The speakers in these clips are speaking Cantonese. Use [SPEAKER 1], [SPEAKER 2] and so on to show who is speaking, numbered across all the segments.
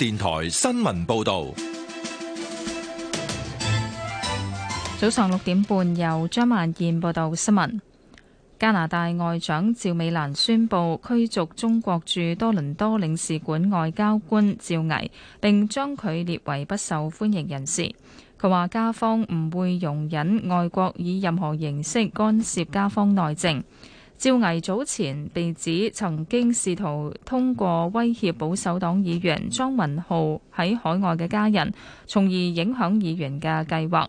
[SPEAKER 1] 電台新聞報道：
[SPEAKER 2] 早上六點半，由張曼燕報道新聞。加拿大外長趙美蘭宣布驅逐中國駐多倫多領事館外交官趙毅，並將佢列為不受歡迎人士。佢話：加方唔會容忍外國以任何形式干涉加方內政。趙毅早前被指曾經試圖通過威脅保守黨議員莊文浩喺海外嘅家人，從而影響議員嘅計劃。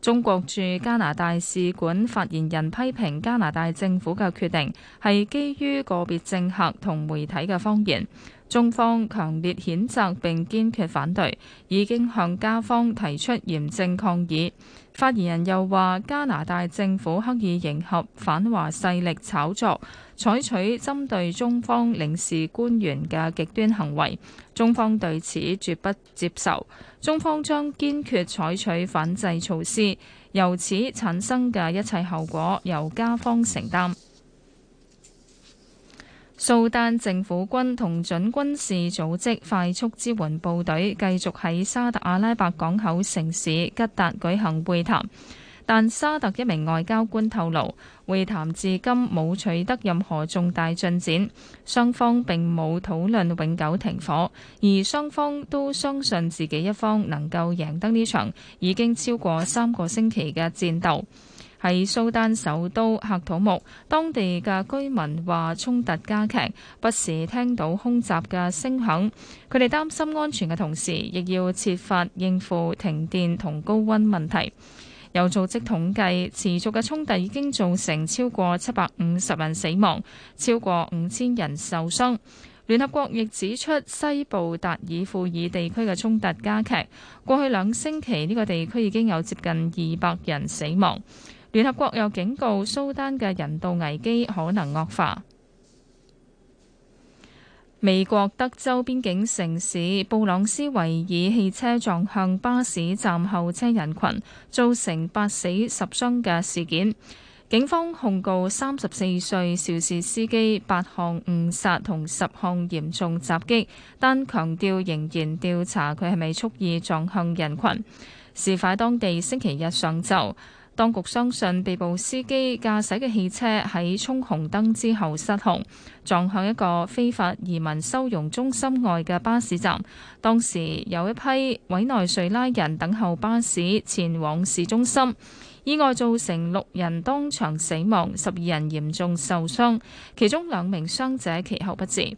[SPEAKER 2] 中國駐加拿大使館發言人批評加拿大政府嘅決定係基於個別政客同媒體嘅謊言，中方強烈譴責並堅決反對，已經向加方提出嚴正抗議。發言人又話：加拿大政府刻意迎合反華勢力炒作，採取針對中方領事官員嘅極端行為，中方對此絕不接受。中方將堅決採取反制措施，由此產生嘅一切後果由加方承擔。蘇丹政府軍同準軍事組織快速支援部隊繼續喺沙特阿拉伯港口城市吉達舉行會談，但沙特一名外交官透露，會談至今冇取得任何重大進展，雙方並冇討論永久停火，而雙方都相信自己一方能夠贏得呢場已經超過三個星期嘅戰鬥。喺蘇丹首都喀土木，當地嘅居民話，衝突加劇，不時聽到空襲嘅聲響。佢哋擔心安全嘅同時，亦要設法應付停電同高溫問題。有組織統計，持續嘅衝突已經造成超過七百五十人死亡，超過五千人受傷。聯合國亦指出，西部達爾富爾地區嘅衝突加劇，過去兩星期呢個地區已經有接近二百人死亡。聯合國又警告，蘇丹嘅人道危機可能惡化。美國德州邊境城市布朗斯維爾汽車撞向巴士站候車人群，造成八死十傷嘅事件。警方控告三十四歲肇事司機八項誤殺同十項嚴重襲擊，但強調仍然調查佢係咪蓄意撞向人群。事發當地星期日上晝。當局相信被捕司機駕駛嘅汽車喺衝紅燈之後失控，撞向一個非法移民收容中心外嘅巴士站。當時有一批委內瑞拉人等候巴士前往市中心，意外造成六人當場死亡，十二人嚴重受傷，其中兩名傷者其後不治。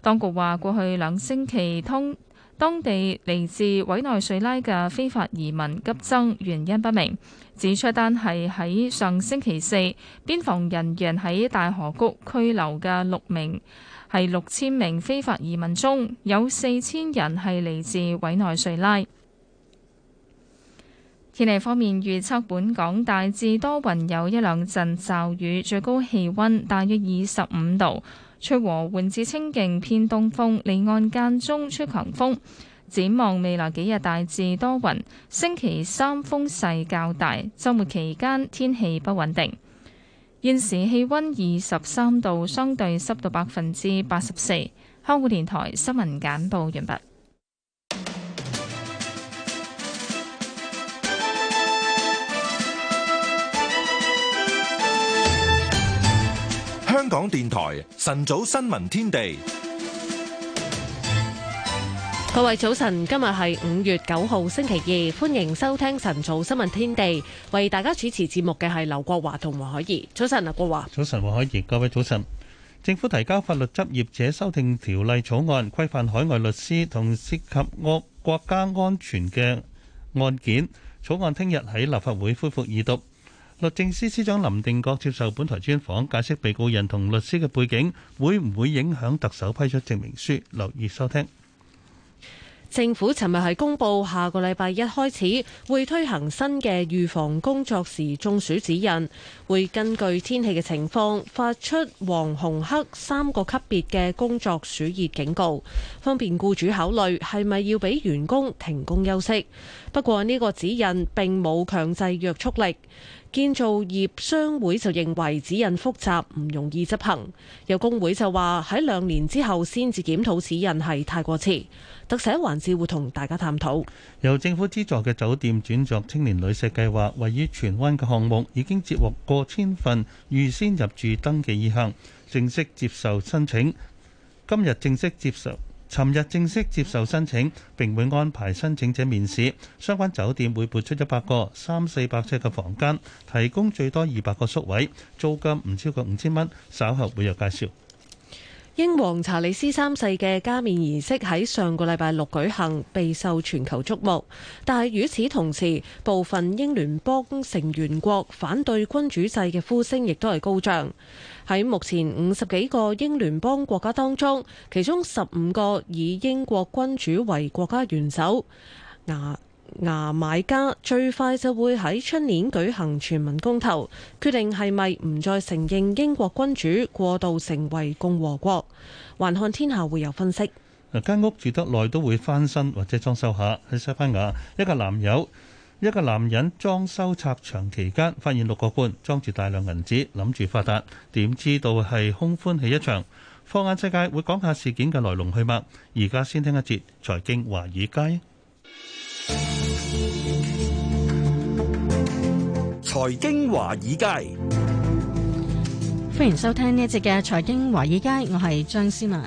[SPEAKER 2] 當局話過去兩星期通。當地嚟自委內瑞拉嘅非法移民急增，原因不明。指出單係喺上星期四，邊防人員喺大河谷拘留嘅六名係六千名非法移民中，有四千人係嚟自委內瑞拉。天氣方面預測，本港大致多雲，有一兩陣驟雨，最高氣温大約二十五度。吹和緩至清勁，偏東風，離岸間中吹強風。展望未來幾日大致多雲，星期三風勢較大，週末期間天氣不穩定。現時氣温二十三度，相對濕度百分之八十四。香港電台新聞簡報完畢。
[SPEAKER 1] 香港電台晨早新聞天地，
[SPEAKER 3] 各位早晨，今日係五月九號星期二，歡迎收聽晨早新聞天地。為大家主持節目嘅係劉國華同黃海怡。早晨，劉國華。
[SPEAKER 4] 早晨，黃海怡。各位早晨。政府提交法律執業者修訂條例草案，規範海外律師同涉及惡國家安全嘅案件。草案聽日喺立法會恢復二讀。律政司司長林定國接受本台專訪，解釋被告人同律師嘅背景會唔會影響特首批出證明書。留意收聽。
[SPEAKER 3] 政府尋日係公布，下個禮拜一開始會推行新嘅預防工作時中暑指引，會根據天氣嘅情況發出黃、紅、黑三個級別嘅工作暑熱警告，方便僱主考慮係咪要俾員工停工休息。不過呢個指引並冇強制約束力。建造業商會就認為指引複雜，唔容易執行。有工會就話喺兩年之後先至檢討指引係太過遲。特寫環節會同大
[SPEAKER 4] 家探討。由政府資助嘅酒店轉作青年旅舍計劃，位於荃灣嘅項目已經接獲過千份預先入住登記意向，正式接受申請。今日正式接受。尋日正式接受申請，並會安排申請者面試。相關酒店會撥出一百個三四百尺嘅房間，提供最多二百個宿位，租金唔超過五千蚊。稍後會有介紹。
[SPEAKER 3] 英皇查理斯三世嘅加冕儀式喺上個禮拜六舉行，備受全球矚目。但係與此同時，部分英聯邦成員國反對君主制嘅呼聲亦都係高漲。喺目前五十幾個英聯邦國家當中，其中十五個以英國君主為國家元首。啊牙買加最快就會喺春年舉行全民公投，決定係咪唔再承認英國君主，過渡成為共和國。環看天下會有分析。
[SPEAKER 4] 嗱，間屋住得耐都會翻新或者裝修下。喺西班牙，一個男友，一個男人裝修拆牆期間，發現六個罐，裝住大量銀紙，諗住發達，點知道係空歡喜一場。放眼世界會講下事件嘅來龍去脈。而家先聽一節財經華爾街。財
[SPEAKER 1] 經華爾街，
[SPEAKER 5] 歡迎收聽呢一節嘅財經華爾街，我係張思文。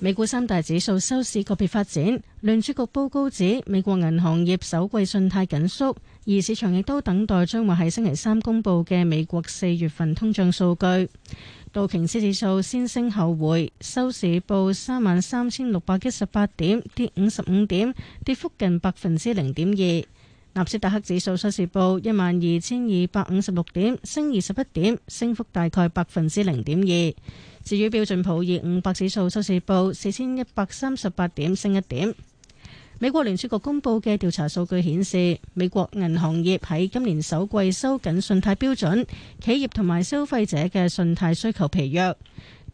[SPEAKER 5] 美股三大指數收市個別發展，聯儲局報告指美國銀行業首季信貸緊縮，而市場亦都等待將會喺星期三公布嘅美國四月份通脹數據。道瓊斯指數先升後回，收市報三萬三千六百一十八點，跌五十五點，跌幅近百分之零點二。納斯達克指數收市報一萬二千二百五十六點，升二十一點，升幅大概百分之零點二。至於標準普爾五百指數收市報四千一百三十八點，升一點。美國聯儲局公布嘅調查數據顯示，美國銀行業喺今年首季收緊信貸標準，企業同埋消費者嘅信貸需求疲弱。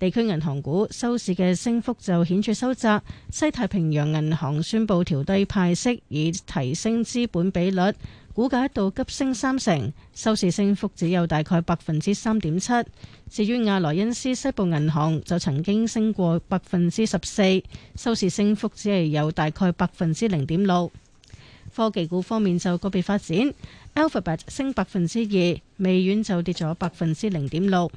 [SPEAKER 5] 地區銀行股收市嘅升幅就顯著收窄，西太平洋銀行宣布調低派息以提升資本比率。股價一度急升三成，收市升幅只有大概百分之三點七。至於亞萊恩斯西部銀行就曾經升過百分之十四，收市升幅只係有大概百分之零點六。科技股方面就個別發展，Alphabet 升百分之二，微軟就跌咗百分之零點六。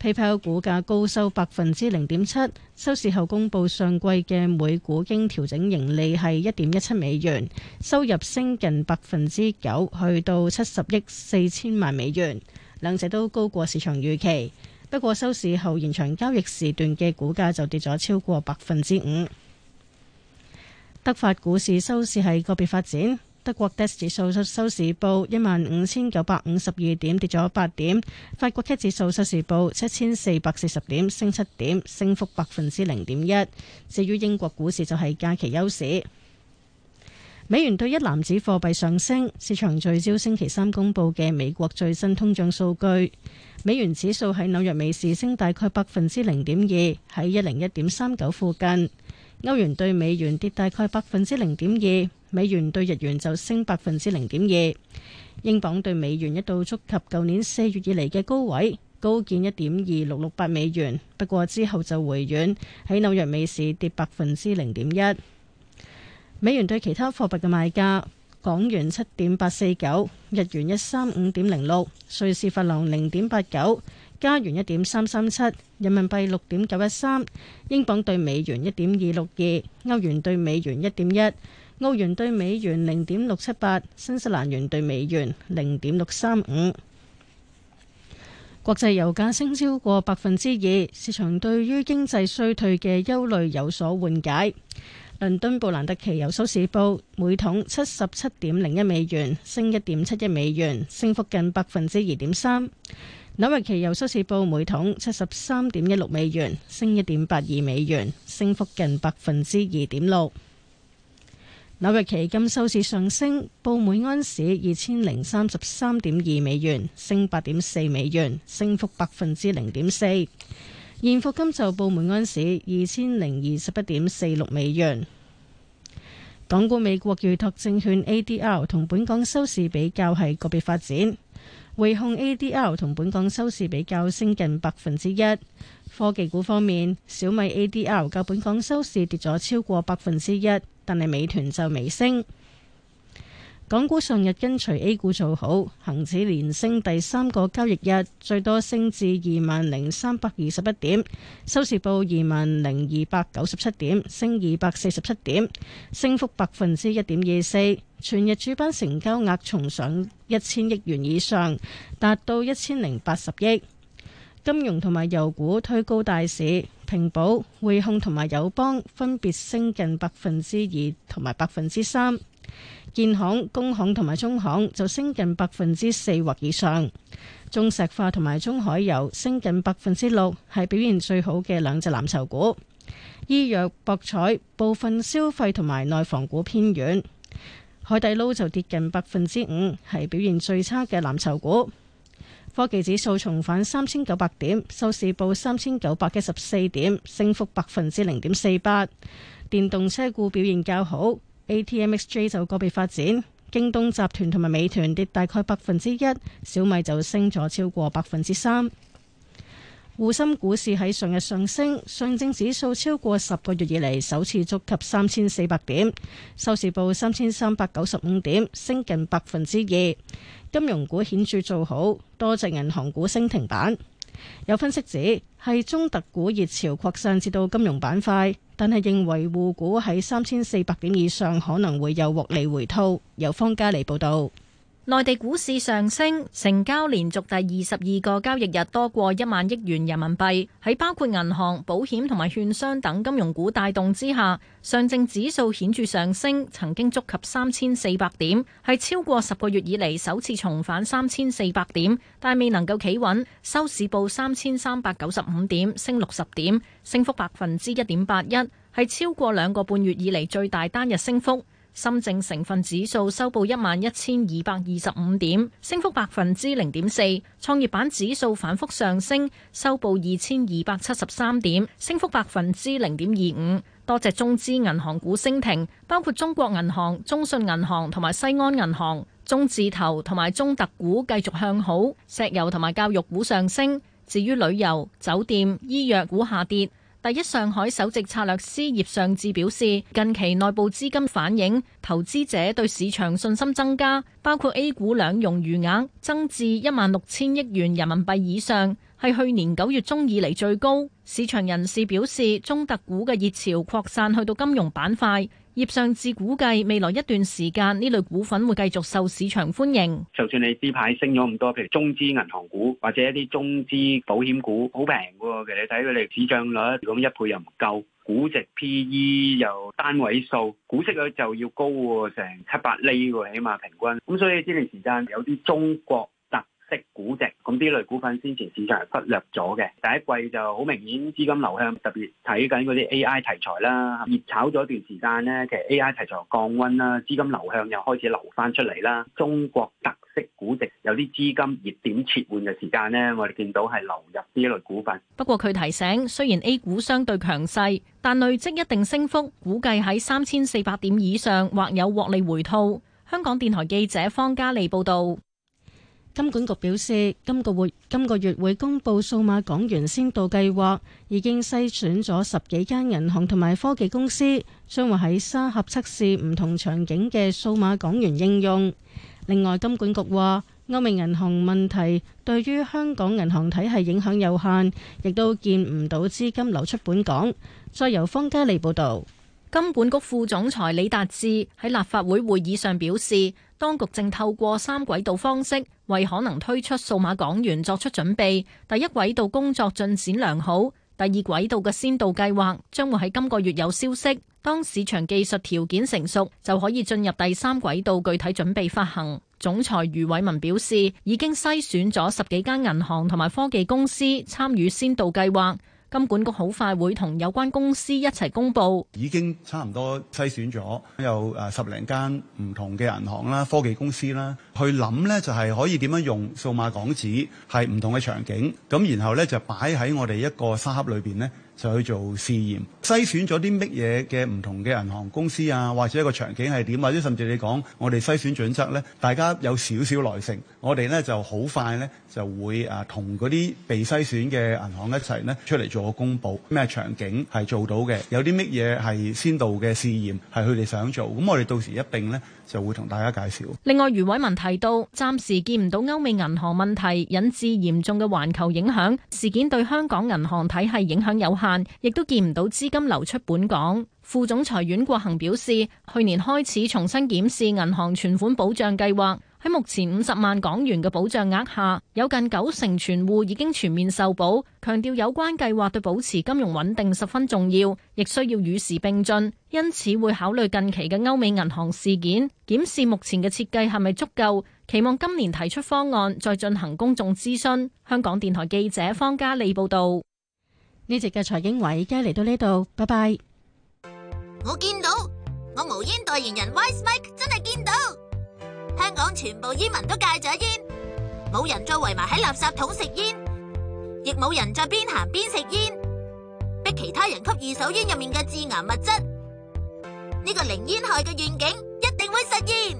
[SPEAKER 5] PayPal 股價高收百分之零點七，收市後公布上季嘅每股經調整盈利係一點一七美元，收入升近百分之九，去到七十億四千萬美元，兩者都高過市場預期。不過收市後延長交易時段嘅股價就跌咗超過百分之五。德法股市收市係個別發展。德國 DAX 指數收市報一萬五千九百五十二點，跌咗八點。法國 CAC 指數收市報七千四百四十點，升七點，升幅百分之零點一。至於英國股市就係假期休市。美元對一籃子貨幣上升，市場聚焦星期三公布嘅美國最新通脹數據。美元指數喺紐約美市升大概百分之零點二，喺一零一點三九附近。歐元對美元跌大概百分之零點二，美元對日元就升百分之零點二，英鎊對美元一度觸及舊年四月以嚟嘅高位，高見一點二六六八美元，不過之後就回軟，喺紐約美市跌百分之零點一。美元對其他貨幣嘅賣價：港元七點八四九，日元一三五點零六，瑞士法郎零點八九。加元一點三三七，7, 人民幣六點九一三，英鎊兌美元一點二六二，歐元兌美元一點一，歐元兌美元零點六七八，新西蘭元兌美元零點六三五。國際油價升超過百分之二，市場對於經濟衰退嘅憂慮有所緩解。倫敦布蘭特期油收市報每桶七十七點零一美元，升一點七一美元，升幅近百分之二點三。紐約期油收市報每桶七十三點一六美元，升一點八二美元，升幅近百分之二點六。紐約期金收市上升，報每安士二千零三十三點二美元，升八點四美元，升幅百分之零點四。現貨金就報每安士二千零二十一點四六美元。港股美國預託證券 ADR 同本港收市比較係個別發展。匯控 ADR 同本港收市比較升近百分之一，科技股方面，小米 ADR 較本港收市跌咗超過百分之一，但係美團就微升。港股上日跟隨 A 股做好，恒指連升第三個交易日，最多升至二萬零三百二十一點，收市報二萬零二百九十七點，升二百四十七點，升幅百分之一點二四。全日主板成交額重上一千億元以上，達到一千零八十億。金融同埋油股推高大市，平保、匯控同埋友邦分別升近百分之二同埋百分之三。建行、工行同埋中行就升近百分之四或以上，中石化同埋中海油升近百分之六，係表現最好嘅兩隻藍籌股。醫藥、博彩、部分消費同埋內房股偏軟，海底撈就跌近百分之五，係表現最差嘅藍籌股。科技指數重返三千九百點，收市報三千九百一十四點，升幅百分之零點四八。電動車股表現較好。A.T.M.X.J 就個別發展，京東集團同埋美團跌大概百分之一，小米就升咗超過百分之三。滬深股市喺上日上升，上證指數超過十個月以嚟首次觸及三千四百點，收市報三千三百九十五點，升近百分之二。金融股顯著做好，多隻銀行股升停板。有分析指，係中特股熱潮擴散至到金融板塊。但係認為，滬股喺三千四百點以上可能會有獲利回吐。由方家嚟報導。內地股市上升，
[SPEAKER 6] 成交連續第二十二個交易日多過一萬億元人民幣。喺包括銀行、保險同埋券商等金融股帶動之下，上證指數顯著上升，曾經觸及三千四百點，係超過十個月以嚟首次重返三千四百點，但未能夠企穩，收市報三千三百九十五點，升六十點，升幅百分之一點八一，係超過兩個半月以嚟最大單日升幅。深證成分指數收報一萬一千二百二十五點，升幅百分之零點四。創業板指數反復上升，收報二千二百七十三點，升幅百分之零點二五。多隻中資銀行股升停，包括中國銀行、中信銀行同埋西安銀行。中字頭同埋中特股繼續向好，石油同埋教育股上升。至於旅遊、酒店、醫藥股下跌。第一上海首席策略師葉尚志表示，近期內部資金反映投資者對市場信心增加，包括 A 股兩融餘額增至一萬六千億元人民幣以上，係去年九月中以嚟最高。市場人士表示，中特股嘅熱潮擴散去到金融板塊。葉尚志估計未來一段時間呢類股份會繼續受市場歡迎。
[SPEAKER 7] 就算你呢排升咗咁多，譬如中資銀行股或者一啲中資保險股，好平嘅。其實你睇佢哋市漲率，咁一倍又唔夠，估值 P E 又單位數，股息率就要高喎，成七百厘喎，起碼平均。咁所以呢段時間有啲中國。的股值，咁呢類股份先前市場係忽略咗嘅。第一季就好明顯資金流向，特別睇緊嗰啲 A I 題材啦，熱炒咗一段時間咧，其實 A I 題材降温啦，資金流向又開始流翻出嚟啦。中國特色估值有啲資金熱點切換嘅時間咧，我哋見到係流入呢一類股份。
[SPEAKER 6] 不過佢提醒，雖然 A 股相對強勢，但累積一定升幅，估計喺三千四百點以上，或有獲利回吐。香港電台記者方嘉莉報道。金管
[SPEAKER 5] 局表示，今個會今個月會公布數碼港元先導計劃，已經篩選咗十幾間銀行同埋科技公司，將會喺沙盒測試唔同場景嘅數碼港元應用。另外，金管局話歐美銀行問題對於香港銀行體系影響有限，亦都見唔到資金流出本港。再由方嘉利報道。金管局副總裁李達志
[SPEAKER 6] 喺立法會會議上表示，當局正透過三軌道方式為可能推出數碼港元作出準備。第一軌道工作進展良好，第二軌道嘅先導計劃將會喺今個月有消息。當市場技術條件成熟，就可以進入第三軌道具體準備發行。總裁余偉文表示，已經篩選咗十幾間銀行同埋科技公司參與先導計劃。金管局好快會同有關公司一齊公布，
[SPEAKER 8] 已經差唔多篩選咗有誒十零間唔同嘅銀行啦、科技公司啦，去諗咧就係可以點樣用數碼港紙喺唔同嘅場景，咁然後咧就擺喺我哋一個沙盒裏面咧，就去做試驗。篩選咗啲乜嘢嘅唔同嘅銀行公司啊，或者一個場景係點，或者甚至你講我哋篩選準則咧，大家有少少耐性。我哋呢就好快呢，就會啊，同嗰啲被篩選嘅銀行一齊呢出嚟做個公佈，咩場景係做到嘅，有啲乜嘢係先導嘅試驗係佢哋想做，咁我哋到時一定呢就會同大家介紹。
[SPEAKER 6] 另外，余偉文提到，暫時見唔到歐美銀行問題引致嚴重嘅環球影響，事件對香港銀行體系影響有限，亦都見唔到資金流出本港。副總裁阮國恆表示，去年開始重新檢視銀行存款保障計劃。喺目前五十萬港元嘅保障額下，有近九成存戶已經全面受保。強調有關計劃對保持金融穩定十分重要，亦需要與時並進。因此會考慮近期嘅歐美銀行事件，檢視目前嘅設計係咪足夠？期望今年提出方案，再進行公眾諮詢。香港電台記者方嘉莉報道。呢集嘅財
[SPEAKER 5] 經委已經嚟到呢度，拜拜。
[SPEAKER 9] 我見到我無煙代言人 y i s Mike 真係見到。香港全部煙民都戒咗煙，冇人再圍埋喺垃圾桶食煙，亦冇人再邊行邊食煙，逼其他人吸二手煙入面嘅致癌物質，呢個零煙害嘅願景一定會實現。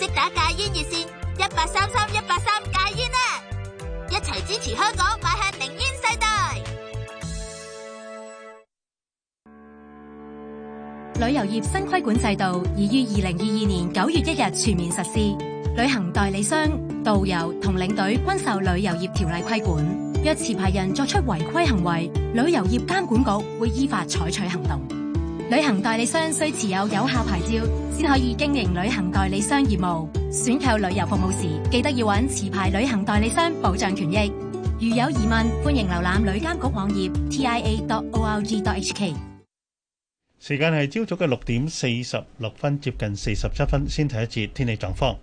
[SPEAKER 9] 即打戒煙熱線一八三三一八三戒煙啦，一齊支持香港邁向零煙！
[SPEAKER 10] 旅遊業新規管制度已於二零二二年九月一日全面實施，旅行代理商、導遊同領隊均受旅遊業條例規管。若持牌人作出違規行為，旅遊業監管局會依法採取行動。旅行代理商需持有有效牌照，先可以經營旅行代理商業務。選購旅遊服務時，記得要揾持牌旅行代理商保障權益。如有疑問，歡迎瀏覽旅監局網頁 tia.org.hk。
[SPEAKER 4] 時間係朝早嘅六點四十六分，接近四十七分，先睇一節天氣狀況。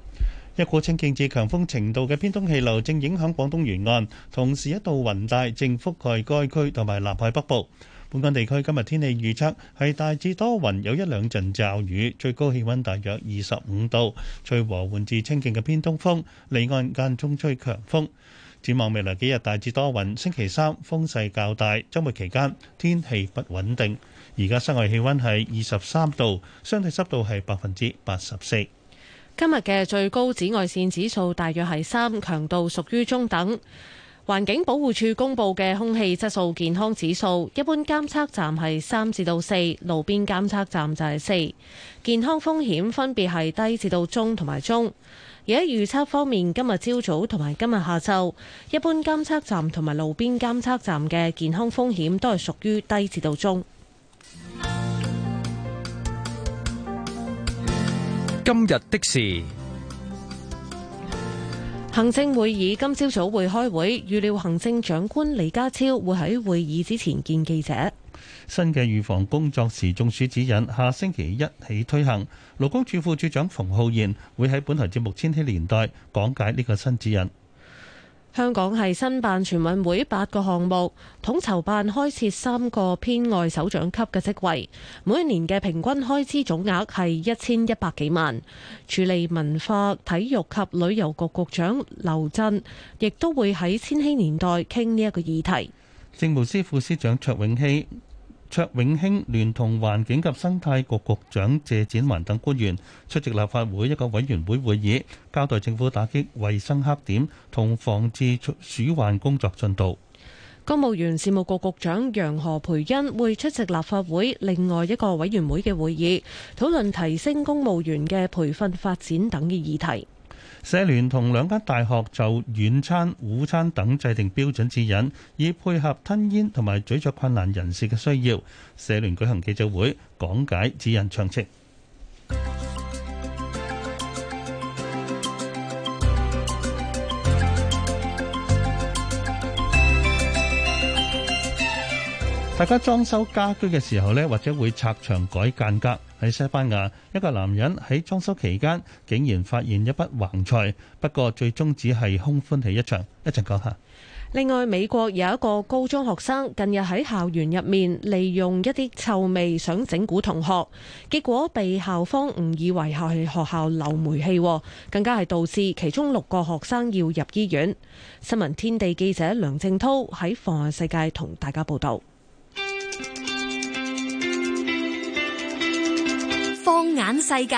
[SPEAKER 4] 一股清勁至強風程度嘅偏東氣流正影響廣東沿岸，同時一道雲帶正覆蓋該區同埋南海北部。本港地區今日天氣預測係大致多雲，有一兩陣驟雨，最高氣溫大約二十五度，吹和緩至清勁嘅偏東風，離岸間中吹強風。展望未來幾日大致多雲，星期三風勢較大，周末期間天氣不穩定。而家室外氣溫係二十三度，相對濕度係百分之八十四。
[SPEAKER 3] 今日嘅最高紫外線指數大約係三，強度屬於中等。環境保護署公布嘅空氣質素健康指數，一般監測站係三至到四，路邊監測站就係四，健康風險分別係低至到中同埋中。而喺預測方面，今日朝早同埋今日下晝，一般監測站同埋路邊監測站嘅健康風險都係屬於低至到中。
[SPEAKER 11] 今日的事，
[SPEAKER 3] 行政會議今朝早會開會，預料行政長官李家超會喺會議之前見記者。
[SPEAKER 4] 新嘅預防工作時中暑指引下星期一起推行，勞工處副處長馮浩然會喺本台節目《千禧年代》講解呢個新指引。
[SPEAKER 3] 香港係申辦全運會八個項目，統籌辦開設三個偏外首長級嘅職位，每年嘅平均開支總額係一千一百幾萬。署理文化體育及旅遊局局長劉震亦都會喺千禧年代傾呢一個議題。
[SPEAKER 4] 政務司副司長卓永熙。卓永興聯同環境及生態局局長謝展寰等官員出席立法會一個委員會會議，交代政府打擊衞生黑點同防治鼠患工作進度。
[SPEAKER 12] 公務
[SPEAKER 3] 員事務局局長楊何蓓茵會出席立法會另外一個委員會嘅會議，討論提升公務員嘅培訓發展等嘅議題。
[SPEAKER 4] 社聯同兩間大學就軟餐、午餐等制定標準指引，以配合吞嚥同埋咀嚼困難人士嘅需要。社聯舉行記者會，講解指引詳情。大家裝修家居嘅時候呢，或者會拆牆改間隔。喺西班牙，一個男人喺裝修期間竟然發現一筆橫財，不過最終只係空歡喜一場。一陣講下。
[SPEAKER 3] 另外，美國有一個高中學生近日喺校園入面利用一啲臭味想整蠱同學，結果被校方誤以為係學校漏煤氣，更加係導致其中六個學生要入醫院。新聞天地記者梁正濤喺《放眼世界》同大家報道。
[SPEAKER 6] 放眼世
[SPEAKER 12] 界，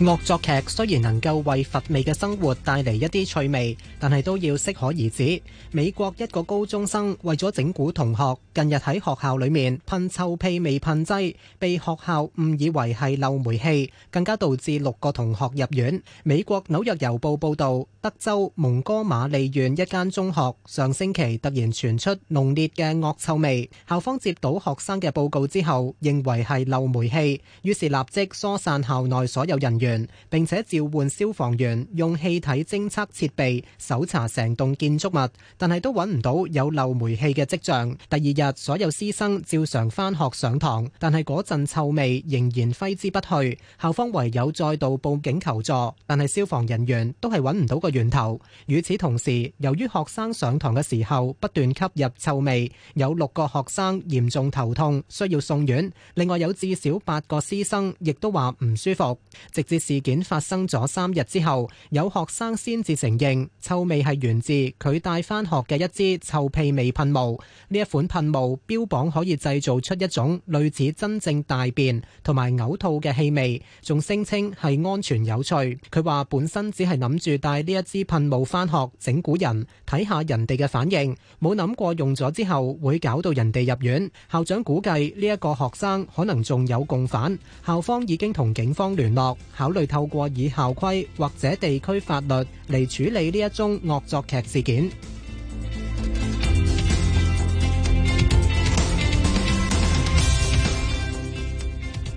[SPEAKER 12] 惡作劇雖然能夠為乏味嘅生活帶嚟一啲趣味，但係都要適可而止。美國一個高中生為咗整蠱同學。近日喺學校裏面噴臭屁味噴劑，被學校誤以為係漏煤氣，更加導致六個同學入院。美國紐約郵報報導，德州蒙哥馬利縣一間中學上星期突然傳出濃烈嘅惡臭味，校方接到學生嘅報告之後，認為係漏煤氣，於是立即疏散校內所有人員，並且召喚消防員用氣體偵測設備搜查成棟建築物，但係都揾唔到有漏煤氣嘅跡象。第二日，所有師生照常翻學上堂，但係嗰陣臭味仍然揮之不去，校方唯有再度報警求助，但係消防人員都係揾唔到個源頭。與此同時，由於學生上堂嘅時候不斷吸入臭味，有六個學生嚴重頭痛，需要送院。另外有至少八個師生亦都話唔舒服。直至事件發生咗三日之後，有學生先至承認臭味係源自佢帶翻學嘅一支臭屁味噴霧，呢一款噴。標榜可以製造出一種類似真正大便同埋嘔吐嘅氣味，仲聲稱係安全有趣。佢話本身只係諗住帶呢一支噴霧翻學整蠱人，睇下人哋嘅反應，冇諗過用咗之後會搞到人哋入院。校長估計呢一個學生可能仲有共犯，校方已經同警方聯絡，考慮透過以校規或者地區法律嚟處理呢一宗惡作劇事件。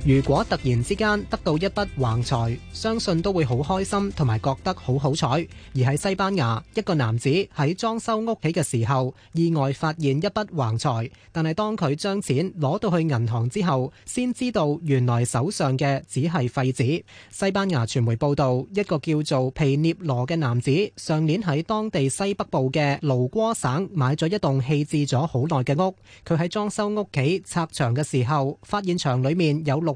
[SPEAKER 12] 如果突然之間得到一筆橫財，相信都會好開心同埋覺得好好彩。而喺西班牙，一個男子喺裝修屋企嘅時候，意外發現一筆橫財，但係當佢將錢攞到去銀行之後，先知道原來手上嘅只係廢紙。西班牙傳媒報道，一個叫做皮涅羅嘅男子上年喺當地西北部嘅盧戈省買咗一棟棄置咗好耐嘅屋，佢喺裝修屋企拆牆嘅時候，發現牆裏面有六。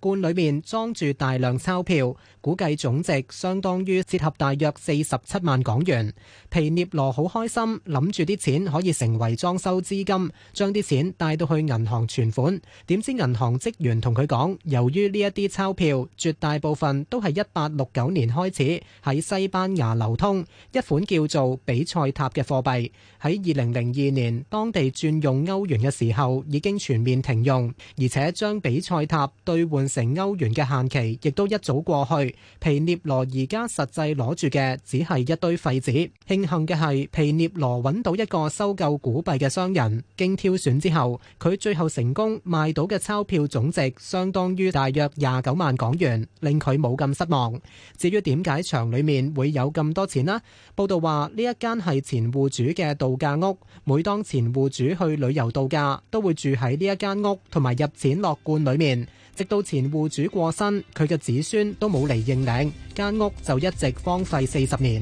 [SPEAKER 12] 罐裏面裝住大量鈔票，估計總值相當於折合大約四十七萬港元。皮涅羅好開心，諗住啲錢可以成為裝修資金，將啲錢帶到去銀行存款。點知銀行職員同佢講，由於呢一啲鈔票絕大部分都係一八六九年開始喺西班牙流通，一款叫做比塞塔嘅貨幣喺二零零二年當地轉用歐元嘅時候已經全面停用，而且將比塞塔兌換。成歐元嘅限期亦都一早過去，皮涅羅而家實際攞住嘅只係一堆廢紙。慶幸嘅係，皮涅羅揾到一個收購古幣嘅商人，經挑選之後，佢最後成功賣到嘅鈔票總值相當於大約廿九萬港元，令佢冇咁失望。至於點解場裏面會有咁多錢呢？報道話呢一間係前戶主嘅度假屋，每當前戶主去旅遊度假，都會住喺呢一間屋，同埋入錢落罐裏面。直到前戶主過身，佢嘅子孫都冇嚟認領，間屋就一直荒廢四十年。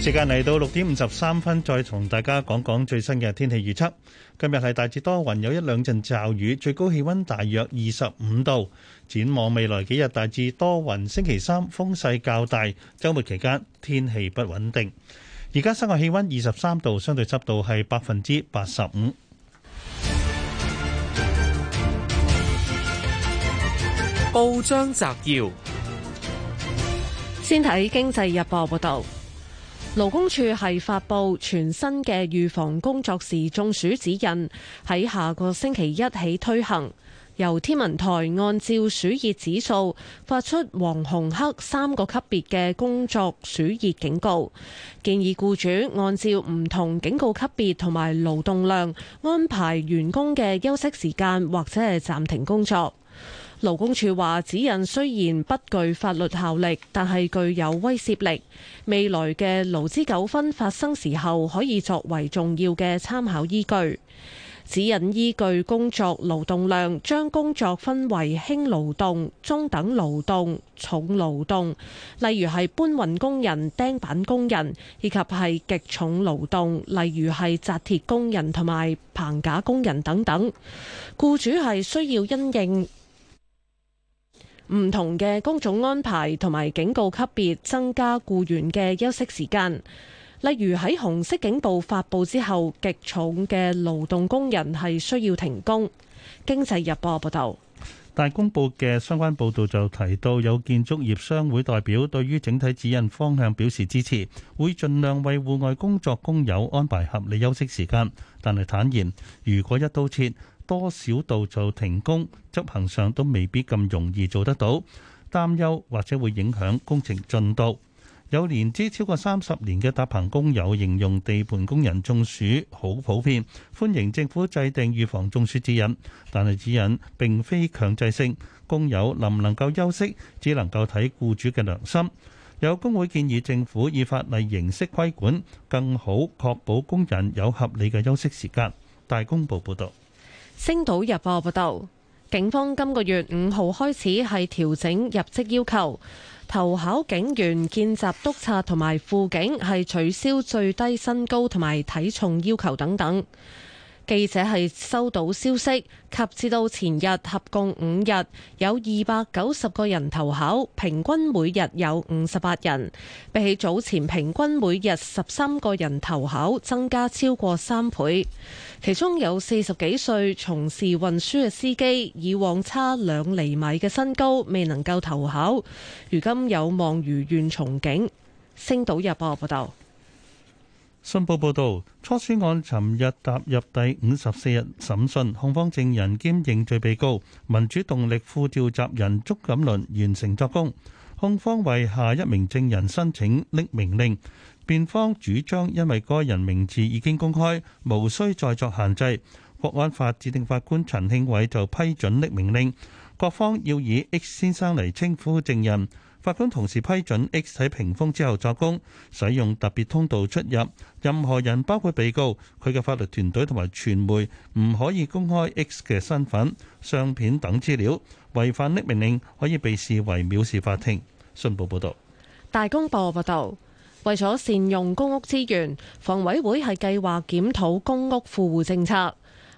[SPEAKER 4] 時間嚟到六點五十三分，再同大家講講最新嘅天氣預測。今日係大致多雲，有一兩陣驟雨，最高氣溫大約二十五度。展望未來幾日，大致多雲，星期三風勢較大，周末期間天氣不穩定。而家室外氣温二十三度，相對濕度係百分之八十五。報章摘要：
[SPEAKER 3] 先睇《經濟日報》報道，勞工處係發布全新嘅預防工作時中暑指引，喺下個星期一起推行。由天文台按照暑熱指數發出黃、紅、黑三個級別嘅工作暑熱警告，建議僱主按照唔同警告級別同埋勞動量安排員工嘅休息時間或者係暫停工作。勞工處話指引雖然不具法律效力，但係具有威懾力，未來嘅勞資糾紛發生時候可以作為重要嘅參考依據。指引依據工作勞動量，將工作分為輕勞動、中等勞動、重勞動。例如係搬運工人、釘板工人，以及係極重勞動，例如係紮鐵工人同埋棚架工人等等。僱主係需要因應唔同嘅工種安排同埋警告級別，增加僱員嘅休息時間。例如喺紅色警報發布之後，極重嘅勞動工人係需要停工。經濟日報報道，
[SPEAKER 4] 大公報嘅相關報導就提到，有建築業商會代表對於整體指引方向表示支持，會盡量為戶外工作工友安排合理休息時間。但係坦言，如果一刀切，多少度就停工，執行上都未必咁容易做得到，擔憂或者會影響工程進度。有年資超過三十年嘅搭棚工友形容地盤工人中暑好普遍，歡迎政府制定預防中暑指引，但係指引並非強制性，工友能唔能夠休息，只能夠睇僱主嘅良心。有工會建議政府以法例形式規管，更好確保工人有合理嘅休息時間。大公報報道。
[SPEAKER 3] 星島日報報道，警方今個月五號開始係調整入職要求。投考警員、見習督察同埋輔警係取消最低身高同埋體重要求等等。記者係收到消息，及至到前日，合共五日有二百九十個人投考，平均每日有五十八人，比起早前平均每日十三個人投考，增加超過三倍。其中有四十幾歲從事運輸嘅司機，以往差兩厘米嘅身高未能夠投考，如今有望如願從警。星島日報報道。
[SPEAKER 4] 信報報導，初選案尋日踏入第五十四日審訊，控方證人兼認罪被告民主動力副召集人祝錦麟完成作供，控方為下一名證人申請匿名令，辯方主張因為該人名字已經公開，無需再作限制。國安法指定法官陳慶偉就批准匿名令，各方要以 X 先生嚟稱呼證人。法官同時批准 X 喺屏風之後作供，使用特別通道出入。任何人包括被告，佢嘅法律團隊同埋傳媒唔可以公開 X 嘅身份、相片等資料。違反匿名令可以被視為藐視法庭。信報報道：
[SPEAKER 3] 「大公報報道，為咗善用公屋資源，房委會係計劃檢討公屋富戶政策。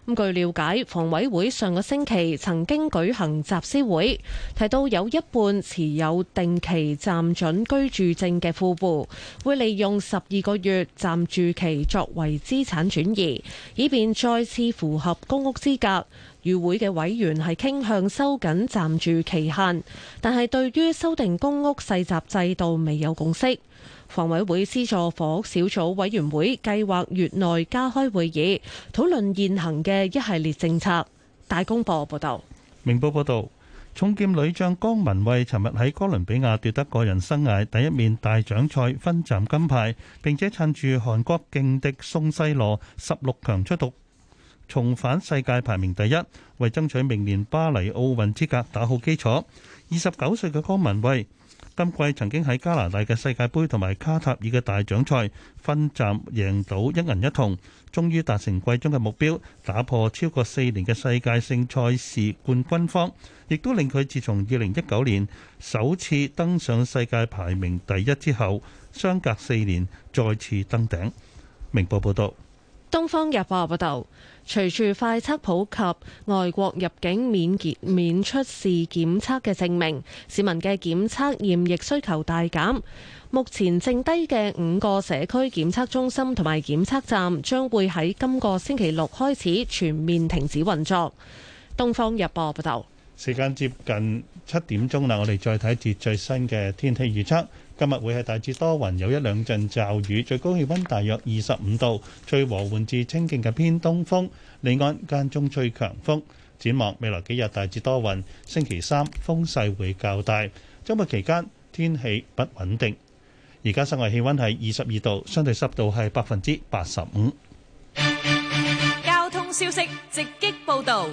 [SPEAKER 3] 咁據了解，房委會上個星期曾經舉行集思會，提到有一半持有定期暫準居住證嘅富戶會利用十二個月暫住期作為資產轉移，以便再次符合公屋資格。與會嘅委員係傾向收緊暫住期限，但係對於修訂公屋世襲制度未有共識。房委會資助房屋小組委員會計劃月內加開會議，討論現行嘅一系列政策。大公報報導，
[SPEAKER 4] 明報報導，重劍女將江旻憓尋日喺哥倫比亞奪得個人生涯第一面大獎賽分站金牌，並且趁住韓國勁敵宋世羅十六強出局，重返世界排名第一，為爭取明年巴黎奧運資格打好基礎。二十九歲嘅江旻憓。今季曾經喺加拿大嘅世界盃同埋卡塔爾嘅大獎賽分站贏到一銀一銅，終於達成季中嘅目標，打破超過四年嘅世界性賽事冠軍荒，亦都令佢自從二零一九年首次登上世界排名第一之後，相隔四年再次登頂。明報報道。
[SPEAKER 3] 東方日報報道，隨住快測普及，外國入境免檢免出示檢測嘅證明，市民嘅檢測驗疫需求大減。目前剩低嘅五個社區檢測中心同埋檢測站，將會喺今個星期六開始全面停止運作。東方日報報道，
[SPEAKER 4] 時間接近七點鐘啦，我哋再睇一節最新嘅天氣預測。今日會係大致多雲，有一兩陣驟雨，最高氣溫大約二十五度，吹和緩至清勁嘅偏東風，離岸間中吹強風。展望未來幾日大致多雲，星期三風勢會較大。周末期間天氣不穩定。而家室外氣溫係二十二度，相對濕度係百分之八十五。
[SPEAKER 6] 交通消息直擊報道。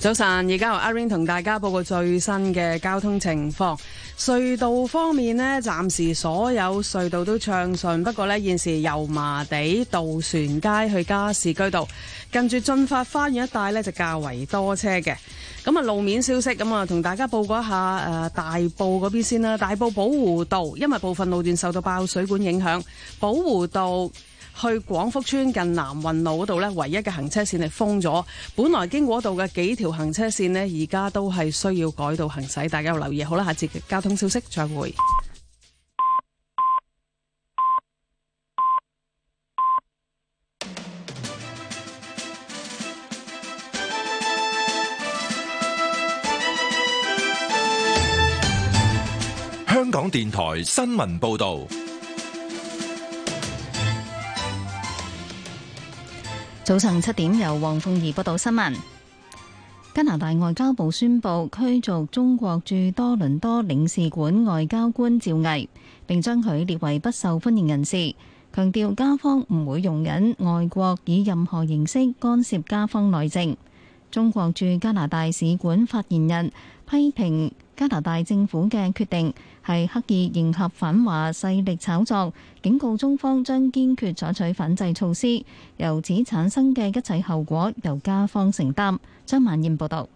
[SPEAKER 4] 早晨，而家由阿 Rain 同大
[SPEAKER 13] 家報告最新嘅交通情況。隧道方面呢，暫時所有隧道都暢順，不過呢，現時油麻地渡船街去加士居道，近住進發花園一帶呢，就較為多車嘅。咁啊路面消息，咁啊，同大家報告一下誒大埔嗰邊先啦，大埔寶湖道因為部分路段受到爆水管影響，寶湖道，去廣福村近南運路嗰度咧，唯一嘅行車線係封咗。本來經過嗰度嘅幾條行車線咧，而家都係需要改道行駛，大家要留意。好啦，下次嘅交通消息再會。
[SPEAKER 1] 香港電台新聞報道。
[SPEAKER 10] 早上七點，由黃鳳儀報道新聞。加拿大外交部宣布驅逐中國駐多倫多領事館外交官趙毅，並將佢列為不受歡迎人士，強調加方唔會容忍外國以任何形式干涉加方內政。中國駐加拿大使館發言人批評加拿大政府嘅決定。係刻意迎合反華勢力炒作，警告中方將堅決採取反制措施，由此產生嘅一切後果由加方承擔。張曼燕報導。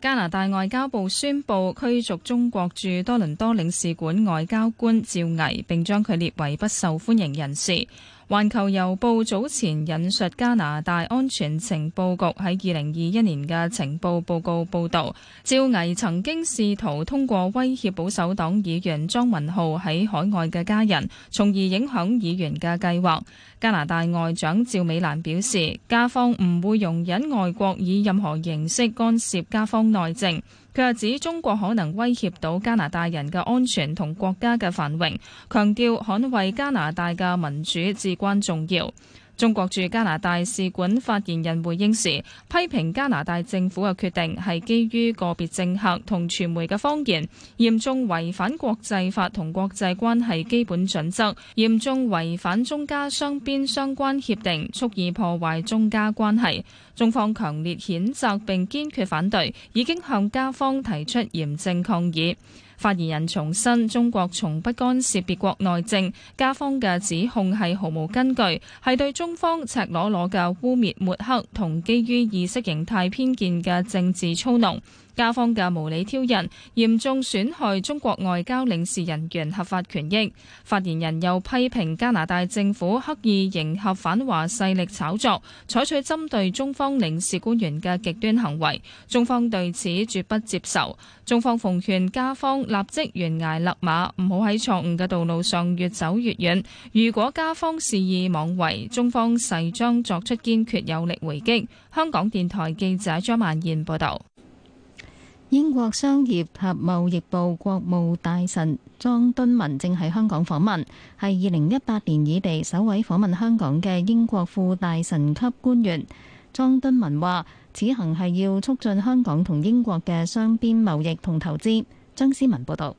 [SPEAKER 2] 加拿大外交部宣布驅逐中國駐多倫多領事館外交官趙毅，並將佢列為不受歡迎人士。《環球郵報》早前引述加拿大安全情報局喺二零二一年嘅情報報告，報道，趙毅曾經試圖通過威脅保守黨議員莊文浩喺海外嘅家人，從而影響議員嘅計劃。加拿大外長趙美蘭表示，加方唔會容忍外國以任何形式干涉加方內政。佢指中國可能威脅到加拿大人嘅安全同國家嘅繁榮，強調捍衛加拿大嘅民主至關重要。中國駐加拿大使館發言人回應時批評加拿大政府嘅決定係基於個別政客同傳媒嘅謊言，嚴重違反國際法同國際關係基本準則，嚴重違反中加雙邊相關協定，蓄意破壞中加關係。中方強烈譴責並堅決反對，已經向加方提出嚴正抗議。發言人重申，中國從不干涉別國內政，加方嘅指控係毫無根據，係對中方赤裸裸嘅污蔑抹黑同基於意識形態偏見嘅政治操弄。加方嘅無理挑釁，嚴重損害中國外交領事人員合法權益。發言人又批評加拿大政府刻意迎合反華勢力炒作，採取針對中方領事官員嘅極端行為。中方對此絕不接受。中方奉勸加方立即懸崖勒馬，唔好喺錯誤嘅道路上越走越遠。如果加方肆意妄為，中方誓將作出堅決有力回擊。香港電台記者張曼燕報道。
[SPEAKER 10] 英國商業及貿易部國務大臣莊敦文正喺香港訪問，係二零一八年以嚟，首位訪問香港嘅英國副大臣級官員。莊敦文話：此行係要促進香港同英國嘅雙邊
[SPEAKER 5] 貿易同投資。張思文報道。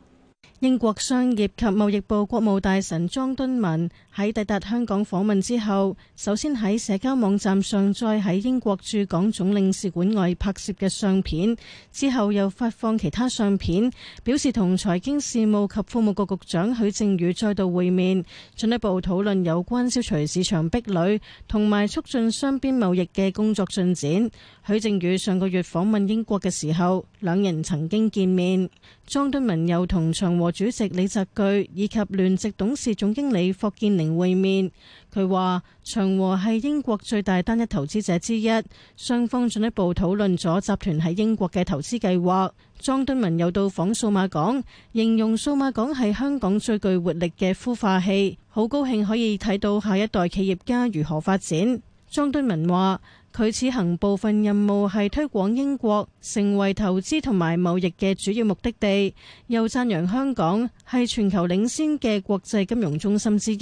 [SPEAKER 5] 英國商業及貿易部國務大臣莊敦文。喺抵達香港訪問之後，首先喺社交網站上載喺英國駐港總領事館外拍攝嘅相片，之後又發放其他相片，表示同財經事務及庫務局局長許正宇再度會面，進一步討論有關消除市場壁壘同埋促進雙邊貿易嘅工作進展。許正宇上個月訪問英國嘅時候，兩人曾經見面。莊敦文又同長和主席李澤钜以及聯席董事總經理霍建寧。會面，佢話長和係英國最大單一投資者之一，雙方進一步討論咗集團喺英國嘅投資計劃。莊敦文又到訪數碼港，形容數碼港係香港最具活力嘅孵化器，好高興可以睇到下一代企業家如何發展。莊敦文話。佢此行部分任務係推廣英國成為投資同埋貿易嘅主要目的地，又讚揚香港係全球領先嘅國際金融中心之一。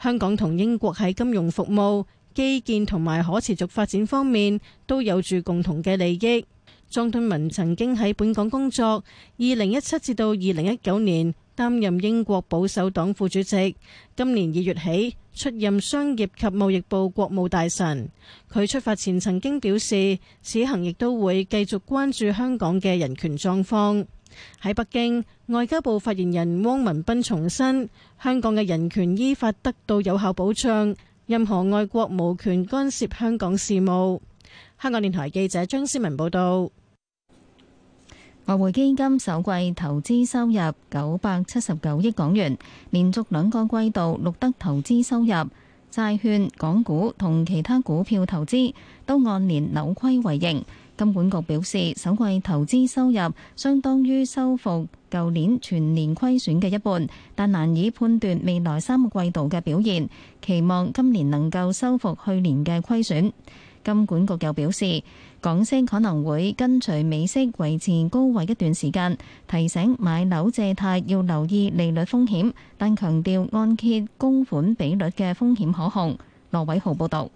[SPEAKER 5] 香港同英國喺金融服務、基建同埋可持續發展方面都有住共同嘅利益。莊敦文曾經喺本港工作，二零一七至到二零一九年。擔任英國保守黨副主席，今年二月起出任商業及貿易部國務大臣。佢出發前曾經表示，此行亦都會繼續關注香港嘅人權狀況。喺北京，外交部發言人汪文斌重申，香港嘅人權依法得到有效保障，任何外國無權干涉香港事務。香港電台記者張思文報道。外
[SPEAKER 10] 匯基金首季投資收入九百七十九億港元，連續兩個季度錄得投資收入。債券、港股同其他股票投資都按年扭虧為盈。金管局表示，首季投資收入相當於收復舊年全年虧損嘅一半，但難以判斷未來三個季度嘅表現，期望今年能夠收復去年嘅虧損。金管局又表示，港息可能會跟隨美息維持高位一段時間，提醒買樓借貸要留意利率風險，但強調按揭供款比率嘅風險可控。羅偉豪報導。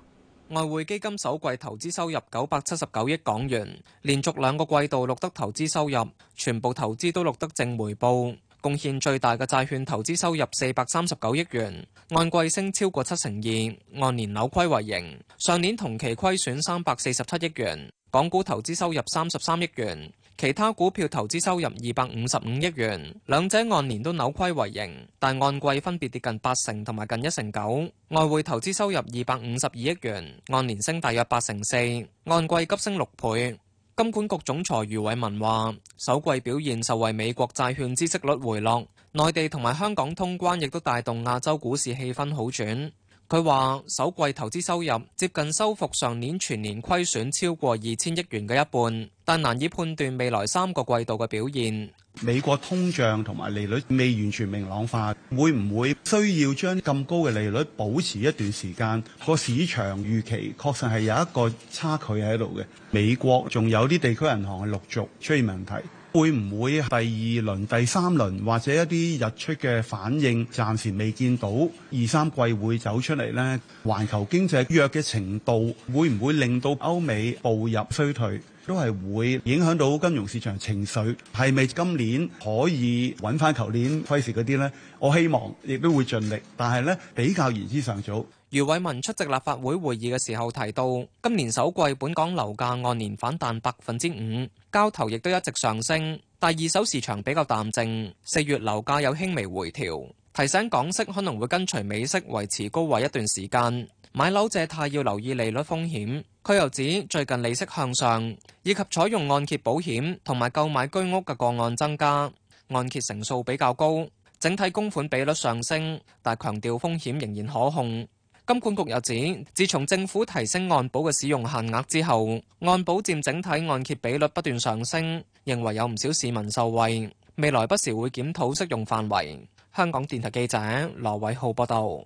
[SPEAKER 9] 外匯基金首季投資收入九百七十九億港元，連續兩個季度錄得投資收入，全部投資都錄得正回報，貢獻最大嘅債券投資收入四百三十九億元，按季升超過七成二，按年扭虧為盈，上年同期虧損三百四十七億元。港股投資收入三十三億元，其他股票投資收入二百五十五億元，兩者按年都扭虧為盈，但按季分別跌近八成同埋近一成九。外匯投資收入二百五十二億元，按年升大約八成四，按季急升六倍。金管局總裁余偉文話：首季表現受惠美國債券孳息率回落，內地同埋香港通關亦都帶動亞洲股市氣氛好轉。佢話：首季投資收入接近收復上年全年虧損超過二千億元嘅一半，但難以判斷未來三個季度嘅
[SPEAKER 8] 表現。美國通脹同埋利率未完全明朗化，會唔會需要將咁高嘅利率保持一段時間？個市場預期確實係有一個差距喺度嘅。美國仲有啲地區銀行嘅陸續出現問題。會唔會第二輪、第三輪或者一啲日出嘅反應，暫時未見到二三季會走出嚟呢？環球經濟弱嘅程度，會唔會令到歐美步入衰退？都係會影響到金融市場情緒，係咪今年可以揾翻舊年虧蝕嗰啲呢，我希望亦都會盡力，但係呢，比較而言之尚早。
[SPEAKER 9] 余偉文出席立法會會議嘅時候提到，今年首季本港樓價按年反彈百分之五，交投亦都一直上升，但二手市場比較淡靜，四月樓價有輕微回調，提醒港息可能會跟隨美息維持高位一段時間，買樓借貸要留意利率風險，佢又指最近利息向上，以及採用按揭保險同埋購買居屋嘅個案增加，按揭成數比較高，整體供款比率上升，但強調風險仍然可控。金管局又指，自從政府提升按保嘅使用限額之後，按保佔整體按揭比率不斷上升，認為有唔少市民受惠，未來不時會檢討適用範圍。香港電台記者羅偉浩報道。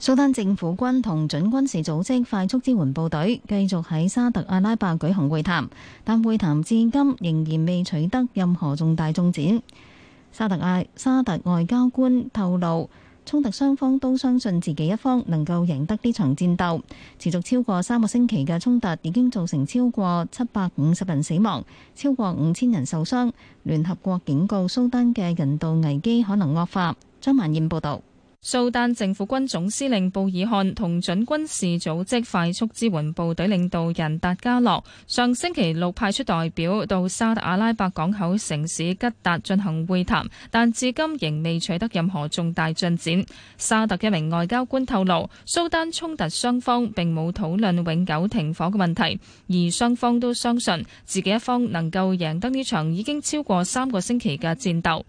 [SPEAKER 10] 蘇丹政府軍同準軍事組織快速支援部隊繼續喺沙特阿拉伯舉行會談，但會談至今仍然未取得任何重大進展。沙特艾沙特外交官透露。衝突雙方都相信自己一方能夠贏得呢場戰鬥。持續超過三個星期嘅衝突已經造成超過七百五十人死亡，超過五千人受傷。聯合國警告蘇丹嘅人道危機可能惡化。張萬燕報導。
[SPEAKER 2] 蘇丹政府軍總司令布爾漢同準軍事組織快速支援部隊領導人達加洛上星期六派出代表到沙特阿拉伯港口城市吉達進行會談，但至今仍未取得任何重大進展。沙特一名外交官透露，蘇丹衝突雙方並冇討論永久停火嘅問題，而雙方都相信自己一方能夠贏得呢場已經超過三個星期嘅戰鬥。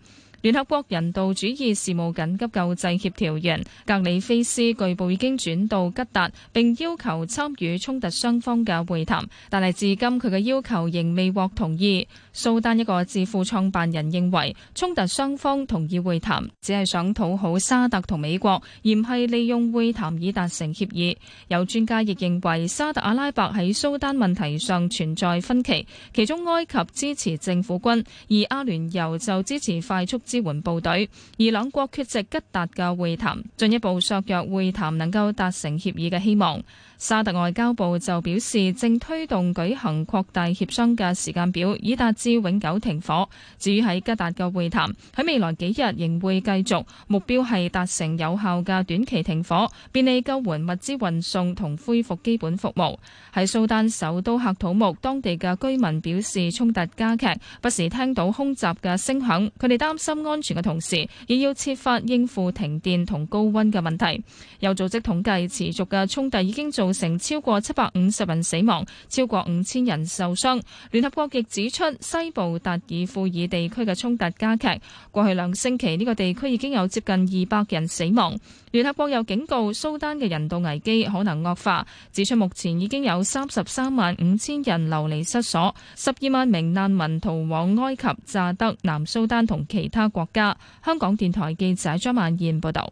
[SPEAKER 2] 聯合國人道主義事務緊急救濟協調員格里菲斯據報已經轉到吉達，並要求參與衝突雙方嘅會談，但係至今佢嘅要求仍未獲同意。蘇丹一個智庫創辦人認為，衝突雙方同意會談，只係想討好沙特同美國，而唔係利用會談以達成協議。有專家亦認為，沙特阿拉伯喺蘇丹問題上存在分歧，其中埃及支持政府軍，而阿聯酋就支持快速支援部隊，而兩國缺席吉達嘅會談，進一步削弱會談能夠達成協議嘅希望。沙特外交部就表示，正推動舉行擴大協商嘅時間表，已達至永久停火。至於喺吉達嘅會談，喺未來幾日仍會繼續，目標係達成有效嘅短期停火，便利救援物資運送同恢復基本服務。喺蘇丹首都喀土木，當地嘅居民表示，衝突加劇，不時聽到空襲嘅聲響，佢哋擔心安全嘅同時亦要設法應付停電同高溫嘅問題，有組織統計持續嘅衝突已經造。造成超過七百五十人死亡，超過五千人受傷。聯合國亦指出，西部達爾富爾地區嘅衝突加劇。過去兩星期，呢、這個地區已經有接近二百人死亡。聯合國又警告，蘇丹嘅人道危機可能惡化，指出目前已經有三十三萬五千人流離失所，十二萬名難民逃往埃及、乍得、南蘇丹同其他國家。香港電台記者張曼燕報道。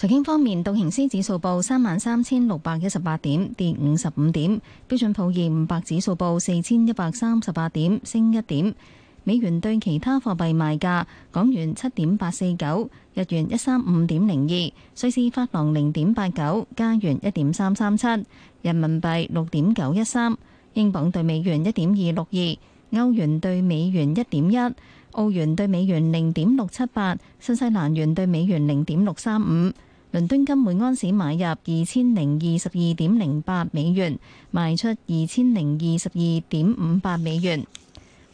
[SPEAKER 10] 財經方面，道瓊斯指數報三萬三千六百一十八點，跌五十五點；標準普爾五百指數報四千一百三十八點，升一點。美元對其他貨幣賣價：港元七點八四九，日元一三五點零二，瑞士法郎零點八九，加元一點三三七，人民幣六點九一三，英鎊兌美元一點二六二，歐元兌美元一點一，澳元兌美元零點六七八，新西蘭元兌美元零點六三五。倫敦金每安士買入二千零二十二點零八美元，賣出二千零二十二點五八美元。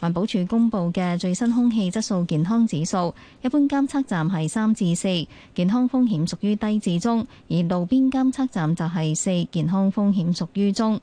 [SPEAKER 10] 環保署公布嘅最新空氣質素健康指數，一般監測站係三至四，健康風險屬於低至中；而路邊監測站就係四，健康風險屬於中。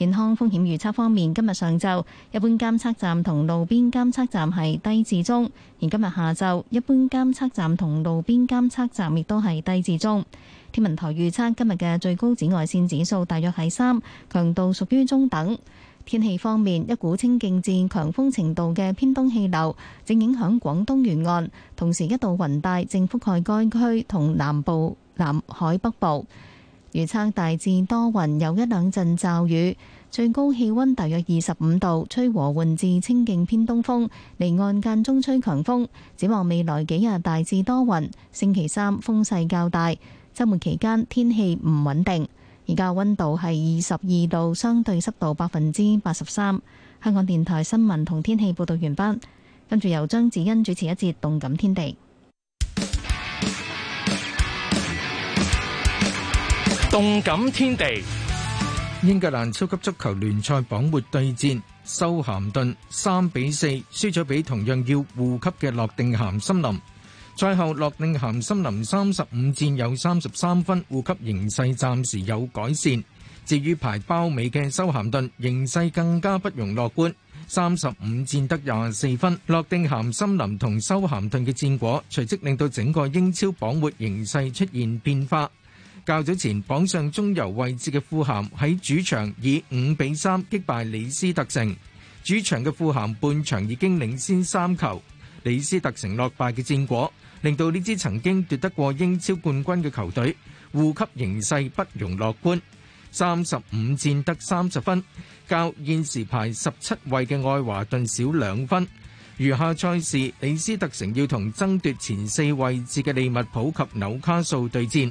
[SPEAKER 10] 健康風險預測方面，今日上晝一般監測站同路邊監測站係低至中。而今日下晝一般監測站同路邊監測站亦都係低至中。天文台預測今日嘅最高紫外線指數大約係三，強度屬於中等。天氣方面，一股清勁至強風程度嘅偏東氣流正影響廣東沿岸，同時一道雲帶正覆蓋該區同南部南海北部。預測大致多雲，有一兩陣驟雨，最高氣温大約二十五度，吹和緩至清勁偏東風，離岸間中吹強風。展望未來幾日大致多雲，星期三風勢較大，周末期間天氣唔穩定。而家温度係二十二度，相對濕度百分之八十三。香港電台新聞同天氣報道完畢，跟住由張子欣主持一節《動感天地》。
[SPEAKER 14] 動感天地，
[SPEAKER 7] 英格蘭超級足球聯賽榜末對戰，修咸頓三比四輸咗畀同樣要護級嘅諾定咸森林。賽後，諾定咸森林三十五戰有三十三分，護級形勢暫時有改善。至於排包尾嘅修咸頓，形勢更加不容樂觀，三十五戰得廿四分。諾定咸森林同修咸頓嘅戰果，隨即令到整個英超榜末形勢出現變化。較早前榜上中游位置嘅富咸喺主場以五比三擊敗李斯特城，主場嘅富咸半場已經領先三球。李斯特城落敗嘅戰果令到呢支曾經奪得過英超冠軍嘅球隊護級形勢不容樂觀。三十五戰得三十分，較現時排十七位嘅愛華頓少兩分。餘下賽事，李斯特城要同爭奪前四位置嘅利物浦及紐卡素對戰。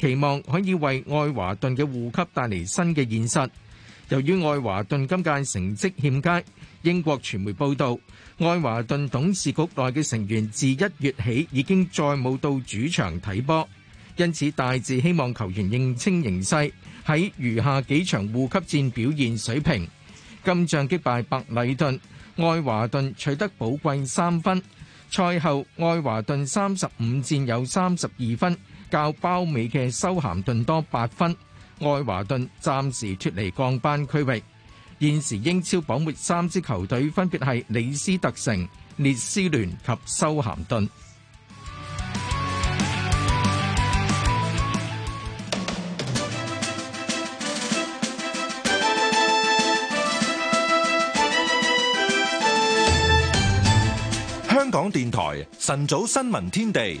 [SPEAKER 7] 期望可以為愛華頓嘅護級帶嚟新嘅現實。由於愛華頓今屆成績欠佳，英國傳媒報道愛華頓董事局內嘅成員自一月起已經再冇到主場睇波，因此大致希望球員認清形勢，喺餘下幾場護級戰表現水平，今仗擊敗白禮頓愛華頓取得寶貴三分，賽後愛華頓三十五戰有三十二分。較包尾嘅修咸頓多八分，愛華頓暫時脱離降班區域。現時英超榜末三支球隊分別係李斯特城、列斯聯及修咸頓。
[SPEAKER 1] 香港電台晨早新聞天地。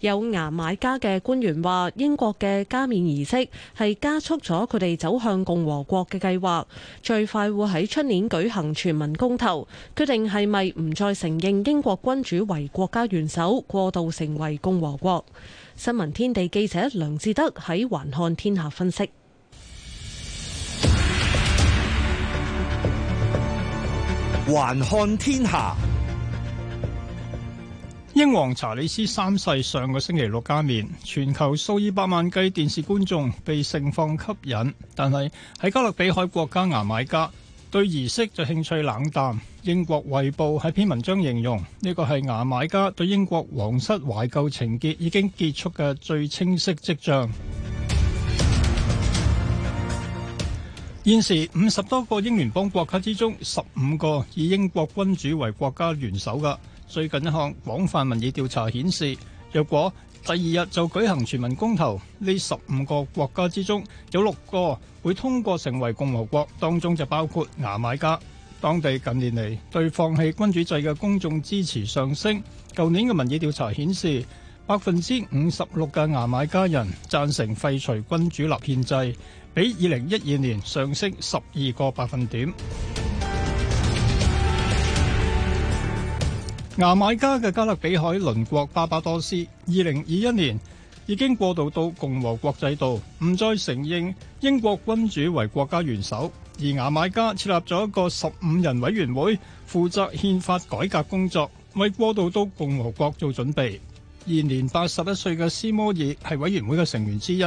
[SPEAKER 3] 有牙買加嘅官員話：英國嘅加冕儀式係加速咗佢哋走向共和國嘅計劃，最快會喺出年舉行全民公投，決定係咪唔再承認英國君主為國家元首，過渡成為共和國。新聞天地記者梁志德喺環看天下分析。
[SPEAKER 15] 環看天下。分析。英皇查理斯三世上個星期六加冕，全球數以百萬計電視觀眾被盛況吸引，但係喺加勒比海國家牙買加，對儀式就興趣冷淡。英國衛報喺篇文章形容呢個係牙買加對英國皇室懷舊情結已經結束嘅最清晰跡象。現時五十多個英聯邦國家之中，十五個以英國君主為國家元首㗎。最近一項廣泛民意調查顯示，若果第二日就舉行全民公投，呢十五個國家之中有六個會通過成為共和國，當中就包括牙買加。當地近年嚟對放棄君主制嘅公眾支持上升。舊年嘅民意調查顯示，百分之五十六嘅牙買加人贊成廢除君主立憲制，比二零一二年上升十二個百分點。牙買加嘅加勒比海鄰國巴巴多斯，二零二一年已經過渡到共和國制度，唔再承認英國君主為國家元首。而牙買加設立咗一個十五人委員會，負責憲法改革工作，為過渡到共和國做準備。現年八十一歲嘅斯摩爾係委員會嘅成員之一。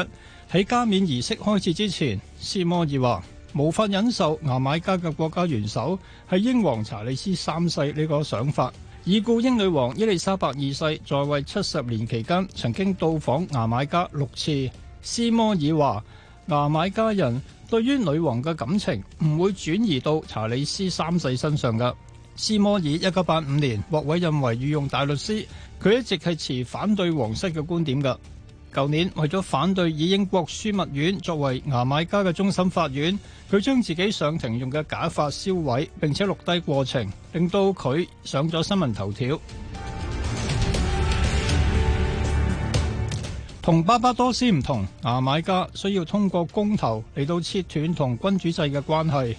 [SPEAKER 15] 喺加冕儀式開始之前，斯摩爾話無法忍受牙買加嘅國家元首係英皇查理斯三世呢個想法。已故英女王伊麗莎白二世在位七十年期間，曾經到訪牙買加六次。斯摩爾話：牙買加人對於女王嘅感情唔會轉移到查理斯三世身上㗎。斯摩爾一九八五年獲委任為御用大律師，佢一直係持反對皇室嘅觀點㗎。舊年為咗反對以英國樞密院作為牙買加嘅終審法院，佢將自己上庭用嘅假髮燒毀，並且錄低過程，令到佢上咗新聞頭條。同巴巴多斯唔同，牙買加需要通過公投嚟到切斷同君主制嘅關係。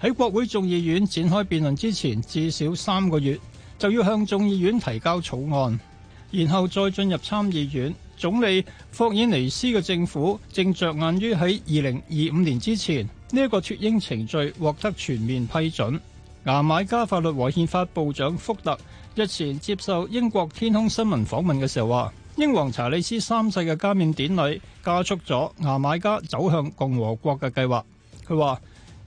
[SPEAKER 15] 喺國會眾議院展開辯論之前，至少三個月就要向眾議院提交草案，然後再進入參議院。總理霍爾尼斯嘅政府正着眼於喺二零二五年之前呢一個脫英程序獲得全面批准。牙買加法律和憲法部長福特日前接受英國天空新聞訪問嘅時候話：英皇查理斯三世嘅加冕典禮加速咗牙買加走向共和國嘅計劃。佢話：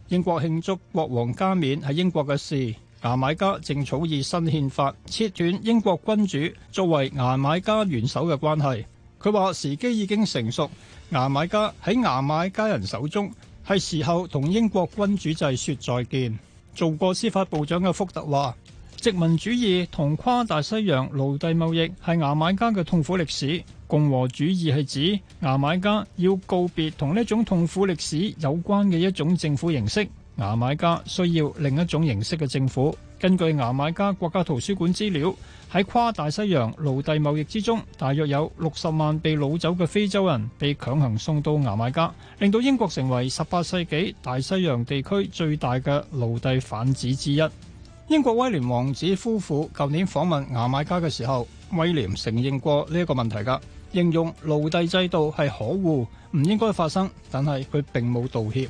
[SPEAKER 15] 英國慶祝國王加冕係英國嘅事，牙買加正草擬新憲法，切斷英國君主作為牙買加元首嘅關係。佢話時機已經成熟，牙買加喺牙買加人手中，係時候同英國君主制說再見。做過司法部長嘅福特話：殖民主義同跨大西洋奴隸貿易係牙買加嘅痛苦歷史。共和主義係指牙買加要告別同呢種痛苦歷史有關嘅一種政府形式。牙買加需要另一種形式嘅政府。根據牙買加國家圖書館資料，喺跨大西洋奴隸貿易之中，大約有六十萬被擄走嘅非洲人被強行送到牙買加，令到英國成為十八世紀大西洋地區最大嘅奴隸販子之一。英國威廉王子夫婦舊年訪問牙買加嘅時候，威廉承認過呢一個問題㗎，形容奴隸制度係可惡，唔應該發生，但係佢並冇道歉。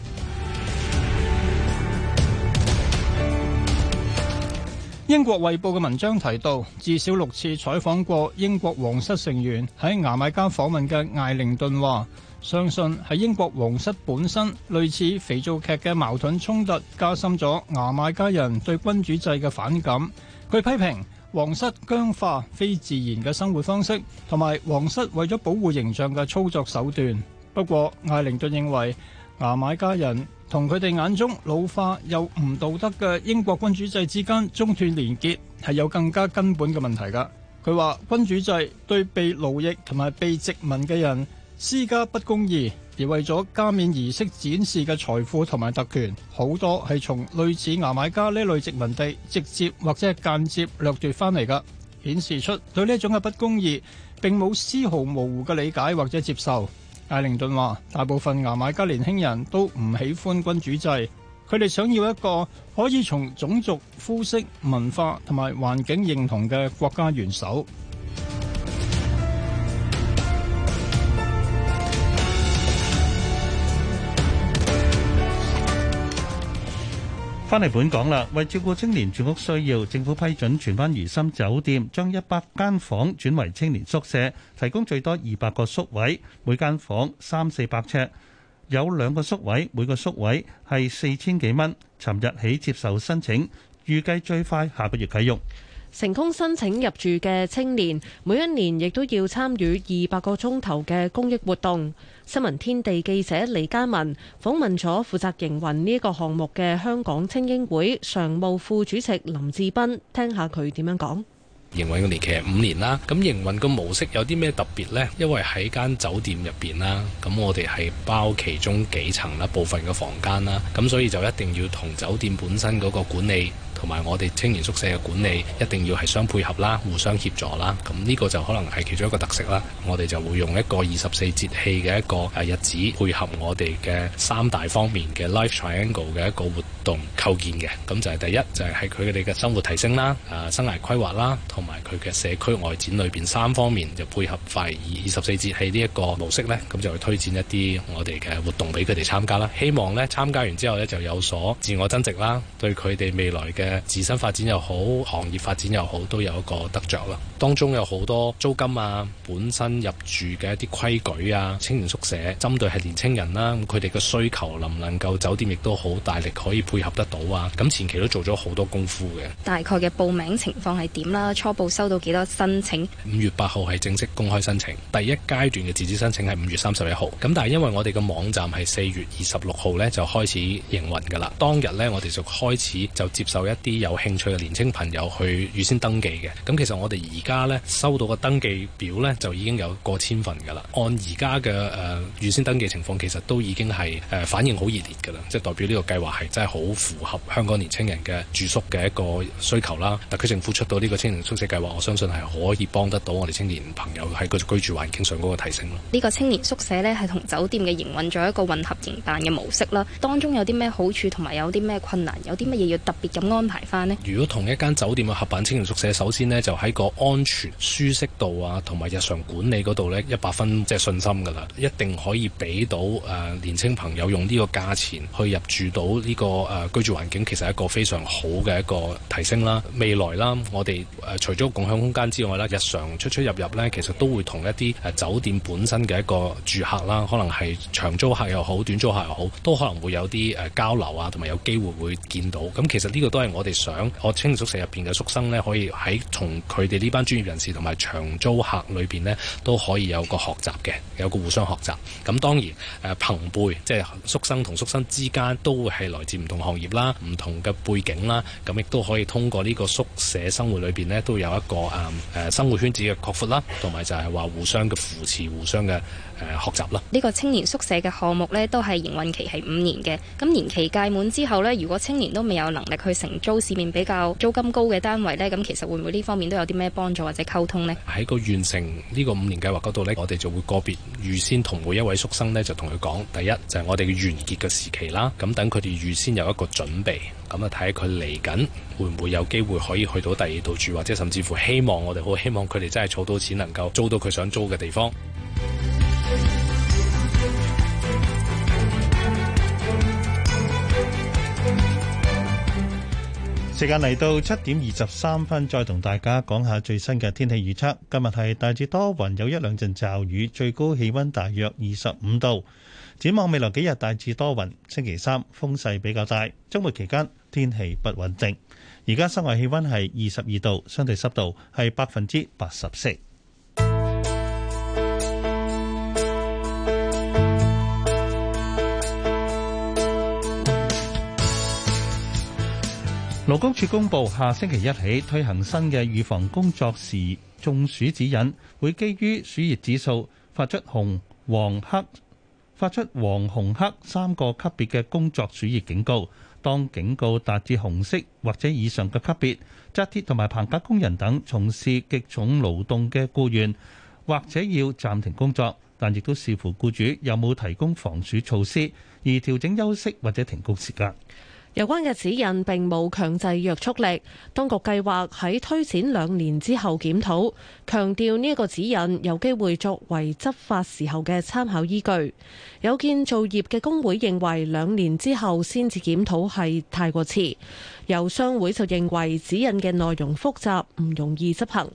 [SPEAKER 15] 英國衛報嘅文章提到，至少六次採訪過英國皇室成員喺牙買加訪問嘅艾靈頓話，相信喺英國皇室本身類似肥皂劇嘅矛盾衝突加深咗牙買加人對君主制嘅反感。佢批評皇室僵化，非自然嘅生活方式，同埋皇室為咗保護形象嘅操作手段。不過艾靈頓認為牙買加人同佢哋眼中老化又唔道德嘅英國君主制之間中斷連結，係有更加根本嘅問題噶。佢話君主制對被奴役同埋被殖民嘅人施加不公義，而為咗加冕儀式展示嘅財富同埋特權，好多係從類似牙買加呢類殖民地直接或者係間接掠奪翻嚟噶，顯示出對呢種嘅不公義並冇絲毫模糊嘅理解或者接受。艾靈頓話：大部分牙買加年輕人都唔喜歡君主制，佢哋想要一個可以從種族、膚色、文化同埋環境認同嘅國家元首。
[SPEAKER 4] 翻嚟本港啦，為照顧青年住屋需要，政府批准荃灣怡心酒店，將一百間房轉為青年宿舍，提供最多二百個宿位，每間房三四百尺，有兩個宿位，每個宿位係四千幾蚊。尋日起接受申請，預計最快下個月啟用。
[SPEAKER 3] 成功申請入住嘅青年，每一年亦都要參與二百個鐘頭嘅公益活動。新聞天地記者李家文訪問咗負責營運呢個項目嘅香港菁英會常務副主席林志斌，聽下佢點樣講。
[SPEAKER 14] 營運嘅年期係五年啦，咁營運嘅模式有啲咩特別呢？因為喺間酒店入邊啦，咁我哋係包其中幾層啦，部分嘅房間啦，咁所以就一定要同酒店本身嗰個管理。同埋我哋青年宿舍嘅管理一定要係相配合啦，互相協助啦。咁呢個就可能係其中一個特色啦。我哋就會用一個二十四節氣嘅一個誒日子配合我哋嘅三大方面嘅 Life Triangle 嘅一個活動構建嘅。咁就係第一就係喺佢哋嘅生活提升啦，誒生涯規劃啦，同埋佢嘅社區外展裏邊三方面就配合快二十四節氣呢一個模式咧，咁就會推薦一啲我哋嘅活動俾佢哋參加啦。希望咧參加完之後咧就有所自我增值啦，對佢哋未來嘅自身發展又好，行業發展又好，都有一個得着啦。當中有好多租金啊，本身入住嘅一啲規矩啊，青年宿舍針對係年青人啦、啊，佢哋嘅需求能唔能夠酒店亦都好大力可以配合得到啊？咁前期都做咗好多功夫嘅。
[SPEAKER 2] 大概嘅報名情況係點啦？初步收到幾多申請？
[SPEAKER 14] 五月八號係正式公開申請，第一階段嘅自資申請係五月三十一號。咁但係因為我哋嘅網站係四月二十六號咧就開始營運噶啦，當日咧我哋就開始就接受一啲有興趣嘅年青朋友去預先登記嘅，咁其實我哋而家咧收到嘅登記表呢，就已經有過千份噶啦。按而家嘅誒預先登記情況，其實都已經係誒、呃、反應好熱烈噶啦，即係代表呢個計劃係真係好符合香港年青人嘅住宿嘅一個需求啦。特區政府出到呢個青年宿舍計劃，我相信係可以幫得到我哋青年朋友喺居住環境上嗰個提升咯。
[SPEAKER 2] 呢個青年宿舍呢，係同酒店嘅營運做一個混合營辦嘅模式啦。當中有啲咩好處同埋有啲咩困難，有啲乜嘢要特別咁安安排翻呢，
[SPEAKER 14] 如果同一間酒店嘅合辦青年宿舍，首先呢就喺個安全舒適度啊，同埋日常管理嗰度呢，一百分即係信心㗎啦，一定可以俾到年輕朋友用呢個價錢去入住到呢個居住環境，其實係一個非常好嘅一個提升啦。未來啦，我哋除咗共享空間之外啦，日常出出入入呢，其實都會同一啲酒店本身嘅一個住客啦，可能係長租客又好，短租客又好，都可能會有啲交流啊，同埋有機會會見到。咁其實呢個都係。我哋想，我青年宿舍入邊嘅宿生呢，可以喺同佢哋呢班專業人士同埋長租客裏邊呢，都可以有個學習嘅，有個互相學習。咁當然，誒朋輩，即係宿生同宿生之間都會係來自唔同行業啦、唔同嘅背景啦，咁亦都可以通過呢個宿舍生活裏邊呢，都有一個誒誒生活圈子嘅擴闊啦，同埋就係話互相嘅扶持、互相嘅。誒學習啦！
[SPEAKER 2] 呢個青年宿舍嘅項目呢，都係營運期係五年嘅。咁年期屆滿之後呢，如果青年都未有能力去承租市面比較租金高嘅單位呢，咁其實會唔會呢方面都有啲咩幫助或者溝通呢？
[SPEAKER 14] 喺個完成呢個五年計劃嗰度呢，我哋就會個別預先同每一位宿生呢，就同佢講，第一就係我哋嘅完結嘅時期啦。咁等佢哋預先有一個準備，咁啊睇下佢嚟緊會唔會有機會可以去到第二度住，或者甚至乎希望我哋好希望佢哋真係儲到錢能夠租到佢想租嘅地方。
[SPEAKER 4] 時間嚟到七點二十三分，再同大家講下最新嘅天氣預測。今日係大致多雲，有一兩陣驟雨，最高氣溫大約二十五度。展望未來幾日大致多雲，星期三風勢比較大，周末期間天氣不穩定。而家室外氣温係二十二度，相對濕度係百分之八十四。勞工處公布，下星期一起推行新嘅預防工作時中暑指引，會基於暑熱指數發出紅、黃、黑，發出黃、紅、黑三個級別嘅工作暑熱警告。當警告達至紅色或者以上嘅級別，紮鐵同埋棚架工人等從事極重勞動嘅雇員，或者要暫停工作，但亦都視乎雇主有冇提供防暑措施而調整休息或者停工時間。
[SPEAKER 3] 有關嘅指引並冇強制約束力，當局計劃喺推展兩年之後檢討，強調呢一個指引有機會作為執法時候嘅參考依據。有建造業嘅工會認為兩年之後先至檢討係太過遲，由商會就認為指引嘅內容複雜，唔容易執行。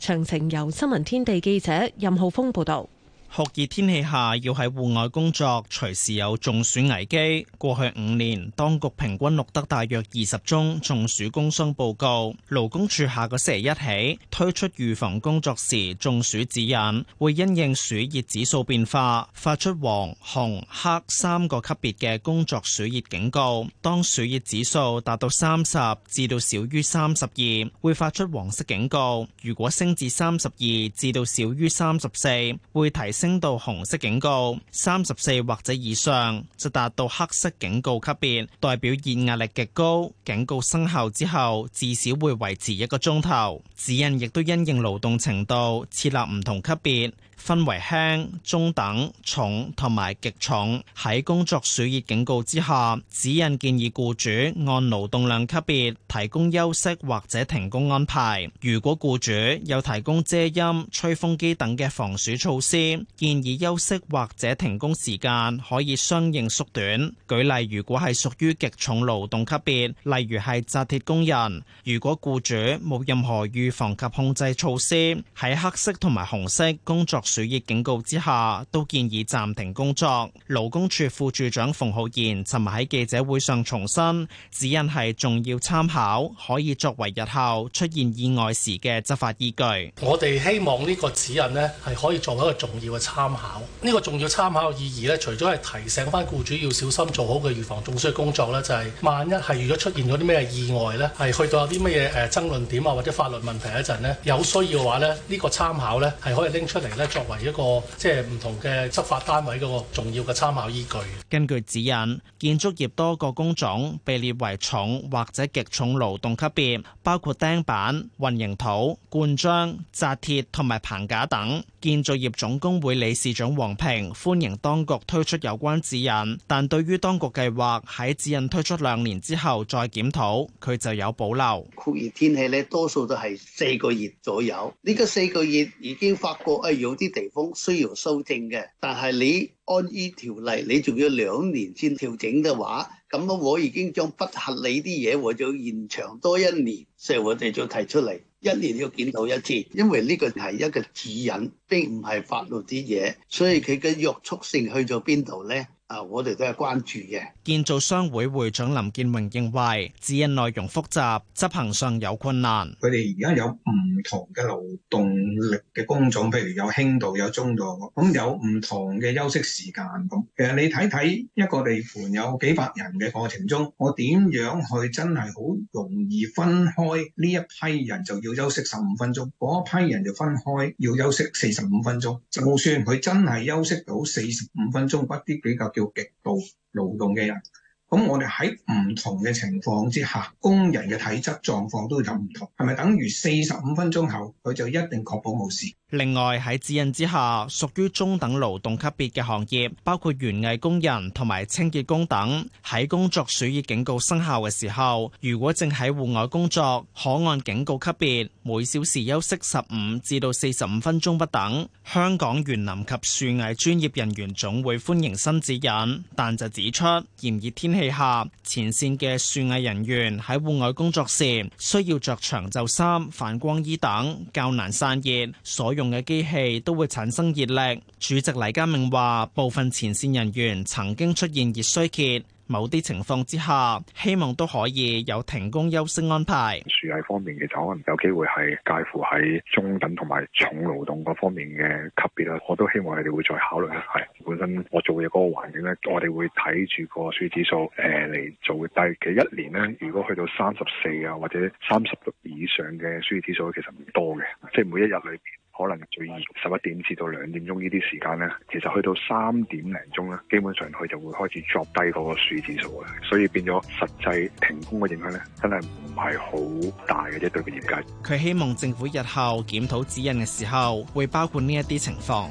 [SPEAKER 3] 詳情由新聞天地記者任浩峰報導。
[SPEAKER 16] 酷熱天氣下，要喺戶外工作，隨時有中暑危機。過去五年，當局平均錄得大約二十宗中暑工傷報告。勞工處下個星期一起推出預防工作時中暑指引，會因應暑熱指數變化，發出黃、紅、黑三個級別嘅工作暑熱警告。當暑熱指數達到三十至到少於三十二，會發出黃色警告；如果升至三十二至到少於三十四，會提。升到紅色警告，三十四或者以上就達到黑色警告級別，代表熱壓力極高。警告生效之後，至少會維持一個鐘頭。指引亦都因應勞動程度設立唔同級別。分為輕、中等、重同埋極重。喺工作暑熱警告之下，指引建議僱主按勞動量級別提供休息或者停工安排。如果僱主有提供遮陰、吹風機等嘅防暑措施，建議休息或者停工時間可以相應縮短。舉例，如果係屬於極重勞動級別，例如係紮鐵工人，如果僱主冇任何預防及控制措施，喺黑色同埋紅色工作，水液警告之下，都建議暫停工作。勞工處副處長馮浩然尋日喺記者會上重申指引係重要參考，可以作為日後出現意外時嘅執法依據。
[SPEAKER 14] 我哋希望呢個指引呢，係可以作為一個重要嘅參考。呢、呢個重要參考嘅意義呢，除咗係提醒翻僱主要小心做好嘅預防中暑嘅工作呢，就係、是、萬一係如果出現咗啲咩意外呢，係去到有啲乜嘢誒爭論點啊，或者法律問題嗰陣呢，有需要嘅話呢，呢、呢個參考呢，係可以拎出嚟呢作為一個即係唔同嘅執法單位嗰個重要嘅參考依
[SPEAKER 16] 據。根據指引，建築業多個工種被列為重或者極重勞動級別，包括釘板、混凝土、灌漿、紮鐵同埋棚架等。建造業總工會理事長黃平歡迎當局推出有關指引，但對於當局計劃喺指引推出兩年之後再檢討，佢就有保留。酷熱天氣呢，多數都係四個月左右。呢個四個月已經發覺，有啲地方需要修正嘅，但係你按呢條例，你仲要兩年先調整嘅話，咁樣我已經將不合理啲嘢，我就延長多一年，所以我哋就提出嚟，一年要檢討一次，因為呢個係一個指引，並唔係法律啲嘢，所以佢嘅約束性去咗邊度咧？
[SPEAKER 8] 啊！我哋都係關注嘅。
[SPEAKER 16] 建造商會會長林建榮認為，指引內容複雜，執行上有困難。
[SPEAKER 8] 佢
[SPEAKER 15] 哋而家有唔同嘅勞動力嘅工種，譬如有輕度、有中度咁，有唔同嘅休息時間。咁其實你睇睇一個地盤有幾百人嘅過程中，我點樣去真係好容易分開呢一批人就要休息十五分鐘，嗰一批人就分開要休息四十五分鐘。就算佢真係休息到四十五分鐘，不啲比較。要極度勞動嘅人，咁我哋喺唔同嘅情況之下，工人嘅體質狀況都有唔同，係咪等於四十五分鐘後佢就一定確保冇事？
[SPEAKER 16] 另外喺指引之下，屬於中等勞動級別嘅行業，包括園藝工人同埋清潔工等，喺工作暑熱警告生效嘅時候，如果正喺戶外工作，可按警告級別每小時休息十五至到四十五分鐘不等。香港園林及樹藝專業人員總會歡迎新指引，但就指出，炎熱天氣下，前綫嘅樹藝人員喺戶外工作時，需要着長袖衫、反光衣等，較難散熱，所用嘅機器都會產生熱力。主席黎家明話，部分前線人員曾經出現熱衰竭，某啲情況之下，希望都可以有停工休息安排。
[SPEAKER 14] 樹藝方面其實可能有機會係介乎喺中等同埋重勞動嗰方面嘅級別啦。我都希望你哋會再考慮啦。係本身我做嘢嗰個環境咧，我哋會睇住個暑熱指數誒嚟做，但係其實一年咧，如果去到三十四啊或者三十六以上嘅暑熱指數，其實唔多嘅，即係每一日裏邊。可能最熱十一點至到兩點鐘呢啲時間咧，其實去到三點零鐘咧，基本上佢就會開始作低嗰個數字數嘅，所以變咗實際停工嘅影響咧，真係唔係好大嘅啫，對佢業界。
[SPEAKER 16] 佢希望政府日後檢討指引嘅時候，會包括呢一啲情況。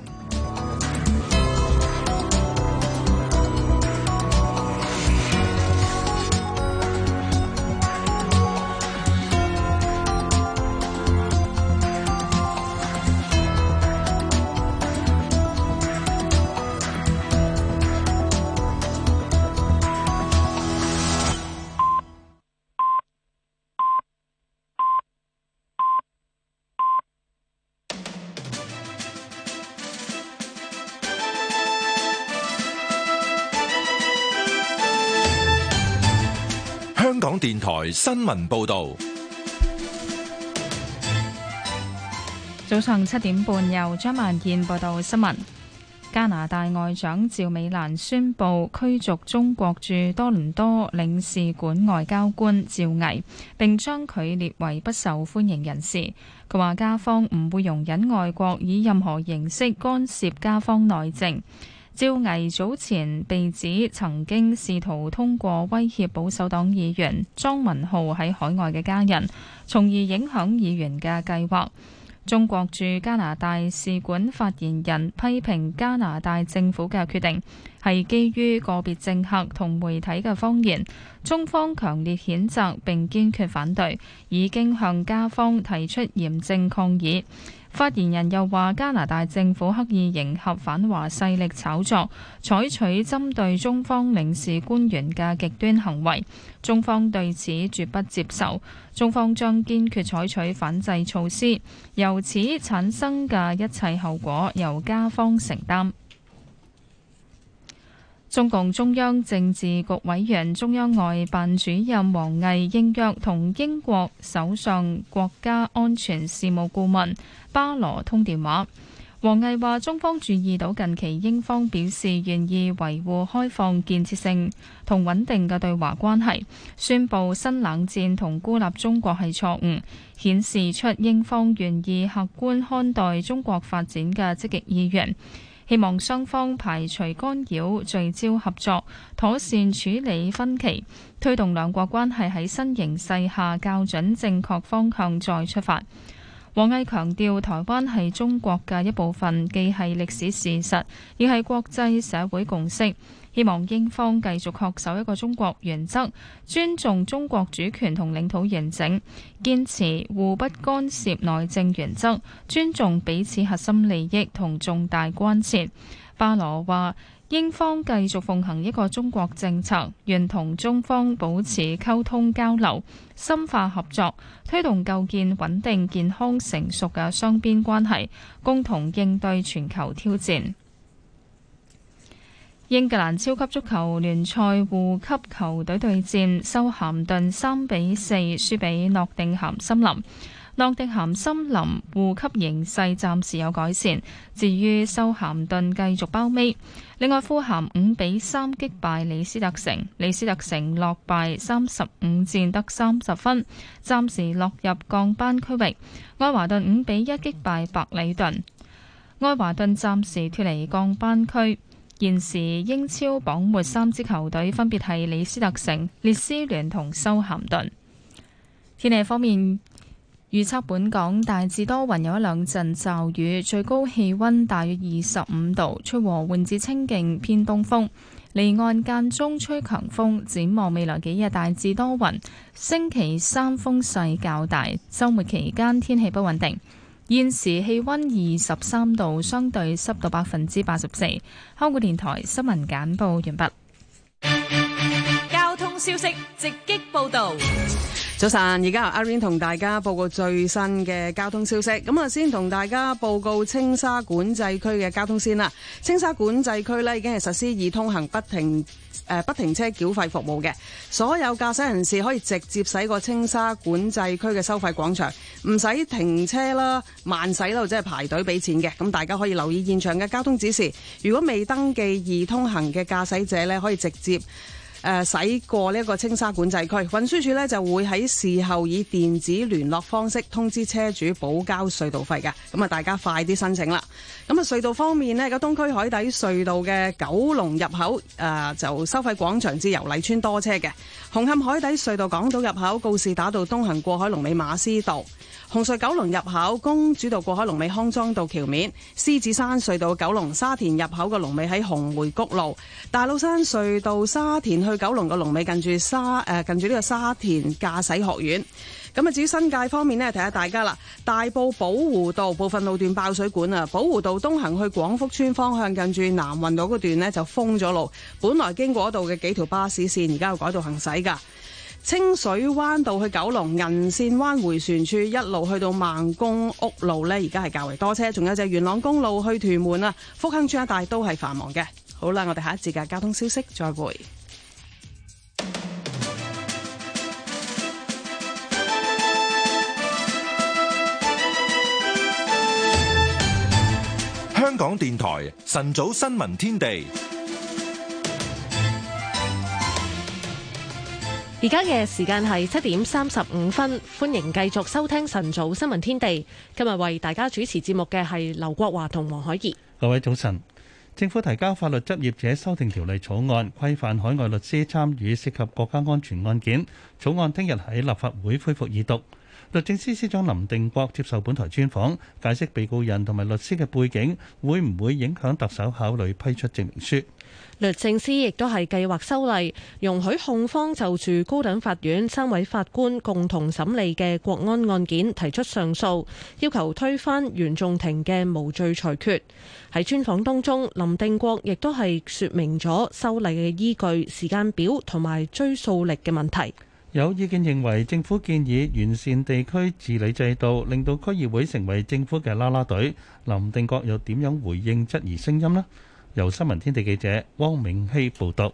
[SPEAKER 1] 新聞報道。
[SPEAKER 2] 早上七點半，由張萬健報道新聞。加拿大外長趙美蘭宣布驅逐中國駐多倫多，多領事館外交官趙毅，並將佢列為不受歡迎人士。佢話：加方唔會容忍外國以任何形式干涉加方內政。趙毅早前被指曾經試圖通過威脅保守黨議員莊文浩喺海外嘅家人，從而影響議員嘅計劃。中國駐加拿大使館發言人批評加拿大政府嘅決定係基於個別政客同媒體嘅謊言，中方強烈譴責並堅決反對，已經向加方提出嚴正抗議。發言人又話：加拿大政府刻意迎合反華勢力炒作，採取針對中方領事官員嘅極端行為，中方對此絕不接受，中方將堅決採取反制措施，由此產生嘅一切後果由加方承擔。中共中央政治局委員、中央外辦主任王毅應約同英國首相國家安全事務顧問巴羅通電話。王毅話：中方注意到近期英方表示願意維護開放、建設性同穩定嘅對華關係，宣布新冷戰同孤立中國係錯誤，顯示出英方願意客觀看待中國發展嘅積極意願。希望雙方排除干擾，聚焦合作，妥善處理分歧，推動兩國關係喺新形勢下校準正確方向再出發。王毅強調，台灣係中國嘅一部分，既係歷史事實，亦係國際社會共識。希望英方繼續恪守一個中國原則，尊重中國主權同領土完整，堅持互不干涉內政原則，尊重彼此核心利益同重大關切。巴羅話：英方繼續奉行一個中國政策，願同中方保持溝通交流，深化合作，推動構建穩定、健康、成熟嘅雙邊關係，共同應對全球挑戰。英格蘭超級足球聯賽護級球隊對戰，修咸頓三比四輸俾諾定咸森林，諾定咸森林護級形勢暫時有改善。至於修咸頓繼續包尾。另外，富咸五比三擊敗李斯特城，李斯特城落敗三十五戰得三十分，暫時落入降班區域。愛華頓五比一擊敗白里頓，愛華頓暫時脫離降班區。現時英超榜末三支球隊分別係李斯特城、列斯聯同修咸頓。天氣方面，預測本港大致多雲有一兩陣驟雨，最高氣溫大約二十五度，吹和緩至清勁偏東風，離岸間中吹強風。展望未來幾日大致多雲，星期三風勢較大，週末期間天氣不穩定。現時氣溫二十三度，相對濕度百分之八十四。香港電台新聞簡報完畢。
[SPEAKER 6] 交通消息直擊報導。
[SPEAKER 2] 早晨，
[SPEAKER 13] 而家由阿 rain 同大家報告最新嘅交通消息。咁啊，先同大家報告青沙管制區嘅交通先啦。青沙管制區呢已經係實施易通行不停誒，不停車繳費服務嘅，所有駕駛人士可以直接駛過青沙管制區嘅收費廣場，唔使停車啦、慢駛啦，即係排隊俾錢嘅。咁大家可以留意現場嘅交通指示。如果未登記易通行嘅駕駛者呢，可以直接。誒，駛過呢一個青沙管制區，運輸署呢就會喺事後以電子聯絡方式通知車主補交隧道費嘅，咁啊大家快啲申請啦。咁啊隧道方面呢，個東區海底隧道嘅九龍入口啊，就收費廣場至油麗村多車嘅，紅磡海底隧道港島入口告士打道東行過海龍尾馬師道。紅隧九龍入口公主道過海龍尾康莊道橋面，獅子山隧道九龍沙田入口嘅龍尾喺紅梅谷路，大老山隧道沙田去九龍嘅龍尾近住沙誒，近住呢個沙田駕駛學院。咁啊，至於新界方面呢，提下大家啦，大埔寶湖道部分路段爆水管啊，寶湖道東行去廣福村方向近住南運路嗰段呢就封咗路，本來經過嗰度嘅幾條巴士綫而家要改道行駛噶。清水灣道去九龍銀線灣回旋處一路去到孟公屋路呢，而家係較為多車。仲有只元朗公路去屯門啊，福亨村一帶都係繁忙嘅。好啦，我哋下一節嘅交通消息
[SPEAKER 17] 再會。
[SPEAKER 1] 香港電台晨早新聞天地。
[SPEAKER 3] 而家嘅時間係七點三十五分，歡迎繼續收聽晨早新聞天地。今日為大家主持節目嘅係劉國華同黃海怡。
[SPEAKER 4] 各位早晨，政府提交法律執業者修訂條例草案，規範海外律師參與涉、涉及國家安全案件。草案聽日喺立法會恢復二讀。律政司司長林定國接受本台專訪，解釋被告人同埋律師嘅背景會唔會影響特首考慮批出證明書。
[SPEAKER 3] 律政司亦都係計劃修例，容許控方就住高等法院三位法官共同審理嘅國安案件提出上訴，要求推翻原訟庭嘅無罪裁決。喺專訪當中，林定國亦都係說明咗修例嘅依據、時間表同埋追溯力嘅問題。
[SPEAKER 4] 有意見認為政府建議完善地區治理制度，令到區議會成為政府嘅啦啦隊。林定國又點樣回應質疑聲音呢？由新聞天地記者汪明希報道。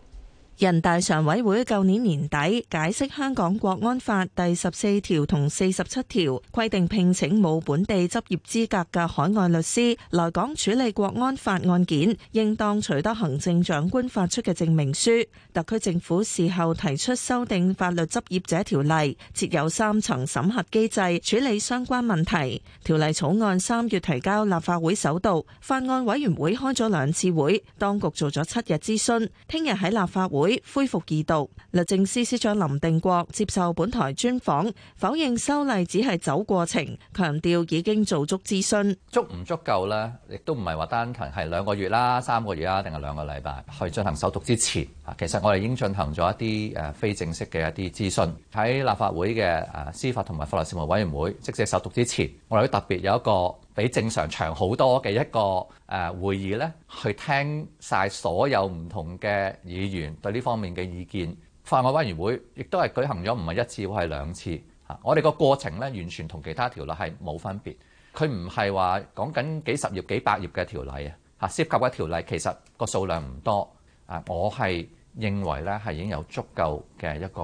[SPEAKER 17] 人大常委會舊年年底解釋《香港國安法》第十四條同四十七條規定，聘請冇本地執業資格嘅海外律師來港處理國安法案件，應當取得行政長官發出嘅證明書。特區政府事後提出修訂法律執業者條例，設有三層審核機制處理相關問題。條例草案三月提交立法會首讀，法案委員會開咗兩次會，當局做咗七日諮詢，聽日喺立法會。會恢復二讀，律政司司長林定國接受本台專訪，
[SPEAKER 11] 否認修例只係走過程，強調已經做足諮詢，足唔足夠呢？亦都唔係話單憑係兩個月啦、三個月啊，定係兩個禮拜去進行首讀之前啊。其實我哋已經進行咗一啲誒非正式嘅一啲諮詢喺立法會嘅誒司法同埋法律事務委員會，即係首讀之前，我哋都特別有一個。比正常長好多嘅一個誒會議咧，去聽曬所有唔同嘅議員對呢方面嘅意見。法案委員會亦都係舉行咗唔係一次會，係兩次嚇。我哋個過程咧，完全同其他條例係冇分別，佢唔係話講緊幾十頁幾百頁嘅條例啊嚇，涉及嘅條例其實個數量唔多啊。我係認為咧，係已經有足夠嘅一個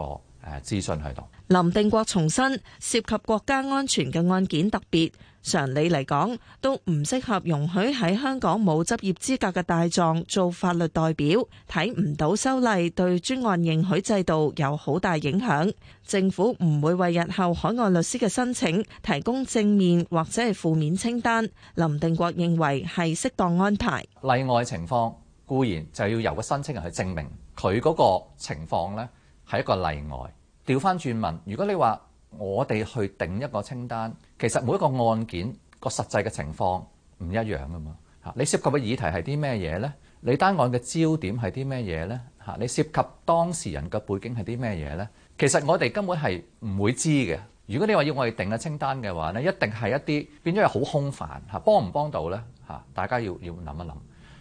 [SPEAKER 11] 誒資訊喺度。
[SPEAKER 17] 林定國重申，涉及國家安全嘅案件特別。常理嚟講，都唔適合容許喺香港冇執業資格嘅大狀做法律代表。睇唔到修例對專案認許制度有好大影響。政府唔會為日後海外律師嘅申請提供正面或者係負面清單。林定國認
[SPEAKER 11] 為係適當安排。例外情況固然就要由個申請人去證明佢嗰個情況呢係一個例外。調翻轉問，如果你話，我哋去定一個清單，其實每一個案件個實際嘅情況唔一樣噶嘛。吓，你涉及嘅議題係啲咩嘢咧？你單案嘅焦點係啲咩嘢咧？吓，你涉及當事人嘅背景係啲咩嘢咧？其實我哋根本係唔會知嘅。如果你話要我哋定個清單嘅話，咧，一定係一啲變咗係好空泛吓，幫唔幫到咧？吓，大家要要諗一諗。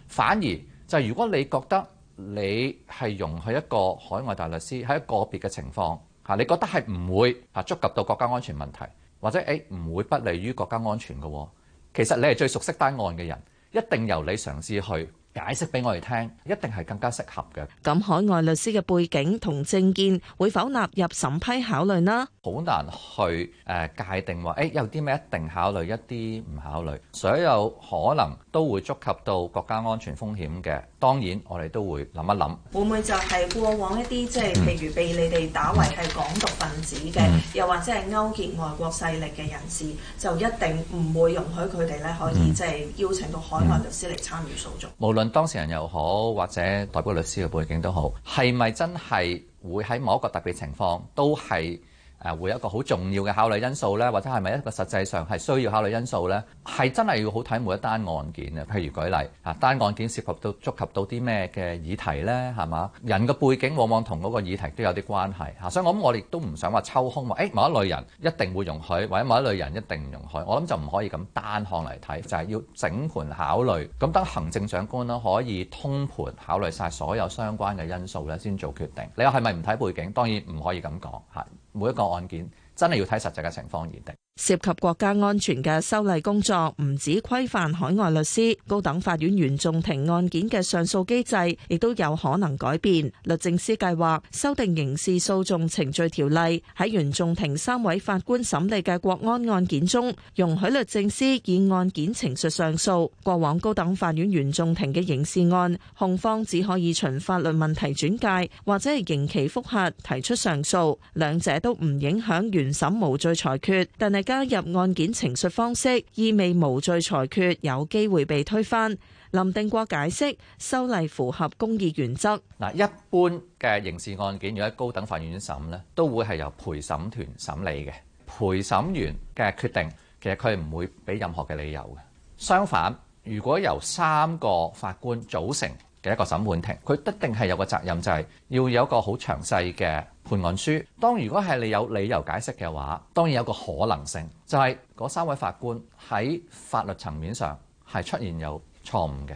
[SPEAKER 11] 反而就係，如果你覺得你係容許一個海外大律師，喺一個別嘅情況。嗱，你覺得係唔會觸及到國家安全問題，或者誒唔會不利於國家安全嘅喎？其實你係最熟悉單案嘅人，一定由你嘗試去解釋俾我哋聽，一定係更加適合嘅。咁海
[SPEAKER 17] 外律師嘅背景同政見會否納入審批考慮呢？好難
[SPEAKER 11] 去誒界定話，誒有啲咩一定考慮，一啲唔考慮，所有可能。都會觸及到國家安全風險嘅，當然我哋都會諗一諗
[SPEAKER 17] 會唔會就係過往一啲即係譬如被你哋打為係港獨分子嘅，嗯、又或者係勾結外國勢力嘅人士，就一定唔會容許佢哋咧可以即係、嗯、邀請到海外律師嚟參與訴訟。
[SPEAKER 11] 無論當事人又好，或者代表律師嘅背景都好，係咪真係會喺某一個特別情況都係？誒會有一個好重要嘅考慮因素呢，或者係咪一個實際上係需要考慮因素呢？係真係要好睇每一單案件嘅。譬如舉例嚇單案件涉及到觸及到啲咩嘅議題呢？係嘛人嘅背景往往同嗰個議題都有啲關係嚇。所以我諗我哋都唔想話抽空話誒某一類人一定會容許，或者某一類人一定唔容許。我諗就唔可以咁單項嚟睇，就係要整盤考慮。咁得行政長官咧可以通盤考慮晒所有相關嘅因素咧，先做決定。你話係咪唔睇背景？當然唔可以咁講嚇。每一個案件真係要睇實際嘅情況而定。
[SPEAKER 17] 涉及國家安全嘅修例工作，唔止規範海外律師，高等法院原訟庭案件嘅上訴機制，亦都有可能改變。律政司計劃修訂刑事訴訟程序條例，喺原訟庭三位法官審理嘅國安案件中，容許律政司以案件呈述上訴。過往高等法院原訟庭嘅刑事案，控方只可以循法律問題轉介或者係刑期復核提出上訴，兩者都唔影響原審無罪裁決，但係。加入案件呈述方式，意味無罪裁決有機會
[SPEAKER 11] 被推翻。林定國解釋，修例符合公義原則。嗱，一般嘅刑事案件如果喺高等法院審咧，都會係由陪審團審理嘅，陪審員嘅決定其實佢唔會俾任何嘅理由嘅。相反，如果由三個法官組成嘅一個審判庭，佢一定係有個責任，就係要有個好詳細嘅判案書。當如果係你有理由解釋嘅話，當然有個可能性，就係、是、嗰三位法官喺法律層面上係出現有錯誤嘅。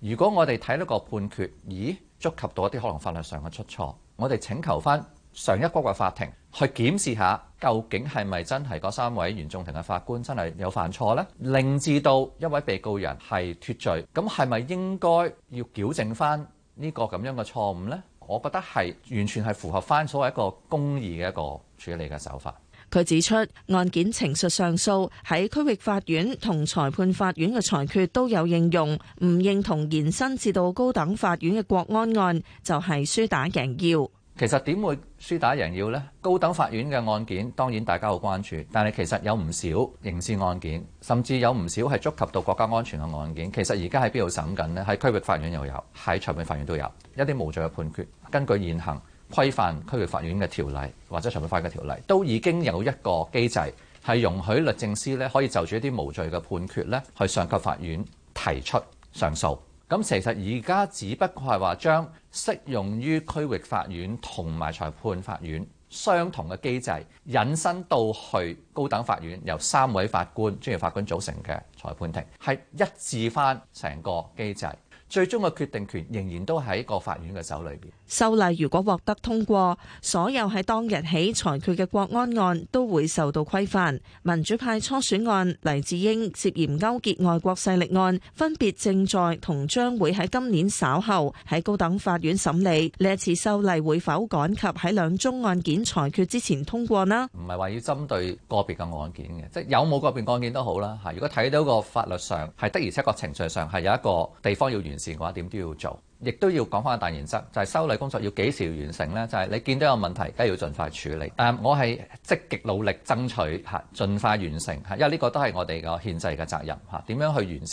[SPEAKER 11] 如果我哋睇到個判決，咦，觸及到一啲可能法律上嘅出錯，我哋請求翻上一級嘅法庭。去檢視下，究竟係咪真係嗰三位原訟庭嘅法官真係有犯錯呢？令至到一位被告人係脫罪，咁係咪應該要矯正翻呢個咁樣嘅錯誤呢？我覺得係完全係符合翻所謂一個公義嘅一個處理嘅手法。
[SPEAKER 17] 佢指出，案件程序上訴喺區域法院同裁判法院嘅裁決都有應用，唔認同延伸至到高等法院嘅國安案就係、是、輸打
[SPEAKER 11] 贏要。其實點會輸打贏要呢？高等法院嘅案件當然大家好關注，但係其實有唔少刑事案件，甚至有唔少係觸及到國家安全嘅案件。其實而家喺邊度審緊呢？喺區域法院又有，喺裁判法院都有一啲無罪嘅判決。根據現行規範區域法院嘅條例或者裁判法院嘅條例，都已經有一個機制係容許律政司咧可以就住一啲無罪嘅判決咧去上級法院提出上訴。咁其實而家只不過係話將適用於區域法院同埋裁判法院相同嘅機制，引申到去高等法院，由三位法官、專業法官組成嘅裁判庭，係一致翻成個機制。最終嘅決定權仍然都喺個法院嘅手裏邊。修
[SPEAKER 17] 例如果獲得通過，所有喺當日起裁決嘅國安案都會受到規範。民主派初選案、黎智英涉嫌勾結外國勢力案，分別正在同將會喺今年稍後喺高等法院審理。呢一次修例會否趕及喺兩宗案件裁決之前通過呢？
[SPEAKER 11] 唔係話要針對個別嘅案件嘅，即有冇個別案件都好啦。嚇，如果睇到個法律上係的，而且確程序上係有一個地方要完善。事嘅話點都要做，亦都要講翻個大原則，就係修例工作要幾時完成呢？就係、是、你見到有問題，梗係要盡快處理。但我係積極努力爭取吓，盡快完成吓，因為呢個都係我哋個憲制嘅責任吓，點樣去完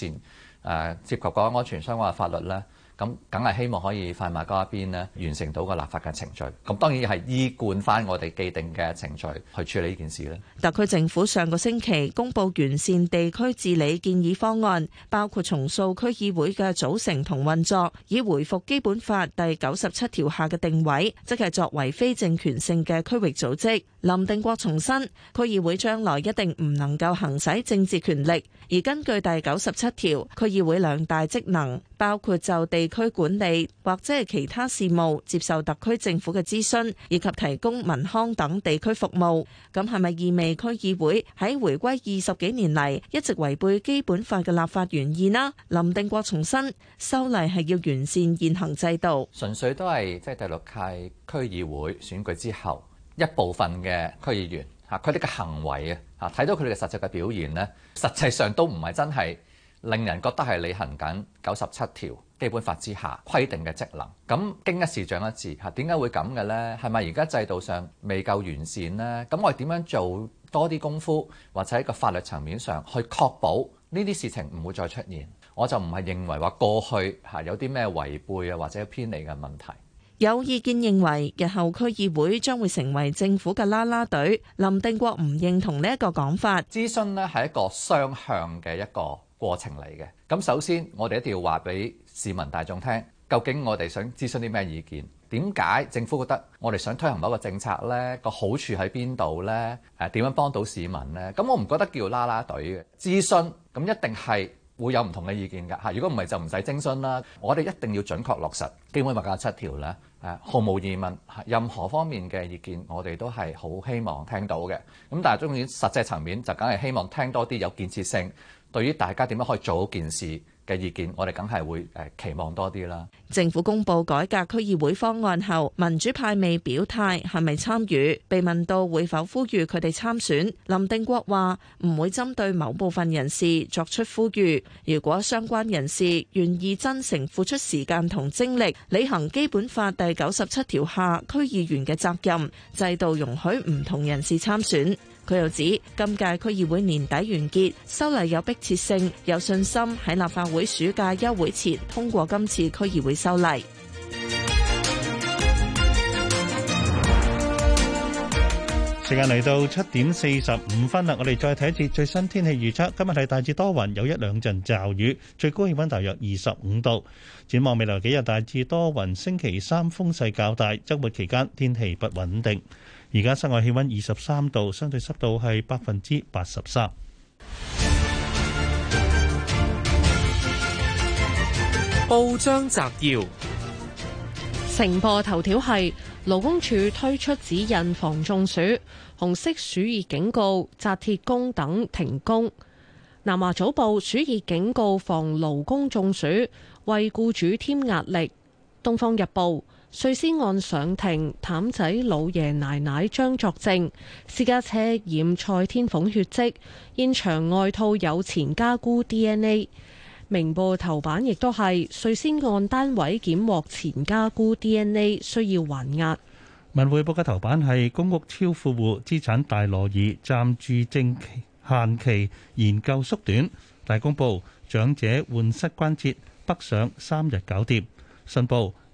[SPEAKER 11] 善誒，涉及國家安全相關嘅法律呢？咁梗係希望可以快馬加鞭完成到個立法嘅程序。咁當然係依貫翻我哋既定嘅程序去處理呢件事。
[SPEAKER 17] 特區政府上個星期公布完善地區治理建議方案，包括重塑區議會嘅組成同運作，以回復《基本法》第九十七條下嘅定位，即係作為非政權性嘅區域組織。林定國重申，區議會將來一定唔能夠行使政治權力，而根據第九十七條，區議會兩大職能。包括就地區管理或者係其他事務接受特區政府嘅諮詢以及提供民康等地區服務，咁係咪意味區議會喺回歸二十幾年嚟一直違背基本法嘅立法原意呢？
[SPEAKER 11] 林定國重申，修例係要完善現行制度，純粹都係即係第六屆區議會選舉之後一部分嘅區議員吓佢哋嘅行為啊嚇，睇到佢哋嘅實際嘅表現咧，實際上都唔係真係。令人覺得係履行緊九十七條基本法之下規定嘅職能。咁經一事長一智，嚇點解會咁嘅呢？係咪而家制度上未夠完善呢？咁我哋點樣做多啲功夫，或者喺個法律層面上去確保呢啲事情唔會再出現？我就唔係認為話過去嚇有啲咩違背啊，或者偏離嘅問題。
[SPEAKER 17] 有意見認為，日後區議會將會成為政府嘅啦啦隊。林定國唔認
[SPEAKER 11] 同呢一個講法。諮詢呢係一個雙向嘅一個過程嚟嘅咁，首先我哋一定要話俾市民大眾聽，究竟我哋想諮詢啲咩意見？點解政府覺得我哋想推行某個政策呢？個好處喺邊度呢？誒點樣幫到市民呢？咁我唔覺得叫啦啦隊嘅諮詢，咁一定係會有唔同嘅意見㗎。如果唔係就唔使徵詢啦。我哋一定要準確落實基本法七條呢，毫無疑問，任何方面嘅意見我哋都係好希望聽到嘅。咁但係當然實際層面就梗係希望聽多啲有建設性。對於大家點樣可以做好件事嘅意見，我哋梗係會誒期望多啲啦。
[SPEAKER 17] 政府公布改革區議會方案後，民主派未表態係咪參與。被問到會否呼籲佢哋參選，林定國話唔會針對某部分人士作出呼籲。如果相關人士願意真誠付出時間同精力，履行基本法第九十七條下區議員嘅責任，制度容許唔同人士參選。佢又指，今屆區議會年底完結，修例，有迫切性，有信心喺立法會暑假休會前通過今次區議會修例。
[SPEAKER 4] 時間嚟到七點四十五分啦，我哋再睇一次最新天氣預測。今日係大致多雲，有一兩陣驟雨，最高氣溫大約二十五度。展望未來幾日，大致多雲，星期三風勢較大，周末期間天氣不穩定。而家室外氣溫二十三度，相對濕度係百分之八十三。報章摘要：
[SPEAKER 3] 《成報》頭條係勞工處推出指引防中暑，紅色暑熱警告，紮鐵工等停工。南華早報暑熱警告防勞工中暑，為僱主添壓力。《東方日報》碎屍案上庭，淡仔老爺奶奶將作證。私家車染蔡天鳳血跡，現場外套有前家姑 DNA。明報頭版亦都係碎屍案單位檢獲前家姑 DNA，需要
[SPEAKER 4] 還押。文匯報嘅頭版係公屋超富戶資產大挪移，暫住證期限期研究縮短。大公報長者換膝關節，北上三日搞掂。信報。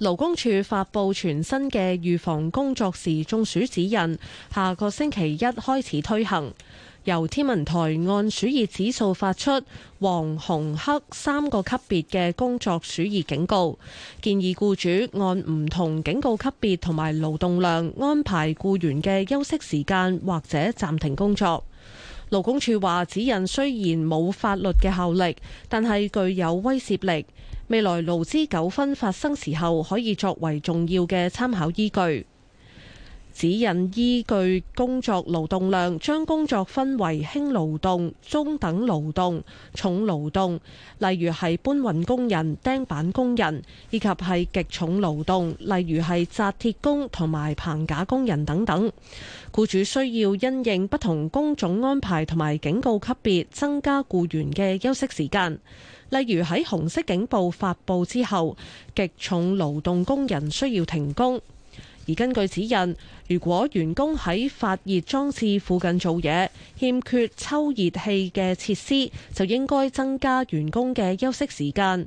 [SPEAKER 3] 勞工處發布全新嘅預防工作時中暑指引，下個星期一開始推行。由天文台按暑熱指數發出黃、紅、黑三個級別嘅工作暑熱警告，建議僱主按唔同警告級別同埋勞動量安排僱員嘅休息時間或者暫停工作。勞工處話指引雖然冇法律嘅效力，但係具有威懾力。未來勞資糾紛發生時候，可以作為重要嘅參考依據。指引依據工作勞動量，將工作分為輕勞動、中等勞動、重勞動，例如係搬運工人、釘板工人，以及係極重勞動，例如係紮鐵工同埋棚架工人等等。僱主需要因應不同工種安排同埋警告級別，增加僱員嘅休息時間。例如喺紅色警報發布之後，極重勞動工人需要停工。而根據指引，如果員工喺發熱裝置附近做嘢，欠缺抽熱器嘅設施，就應該增加員工嘅休息時間。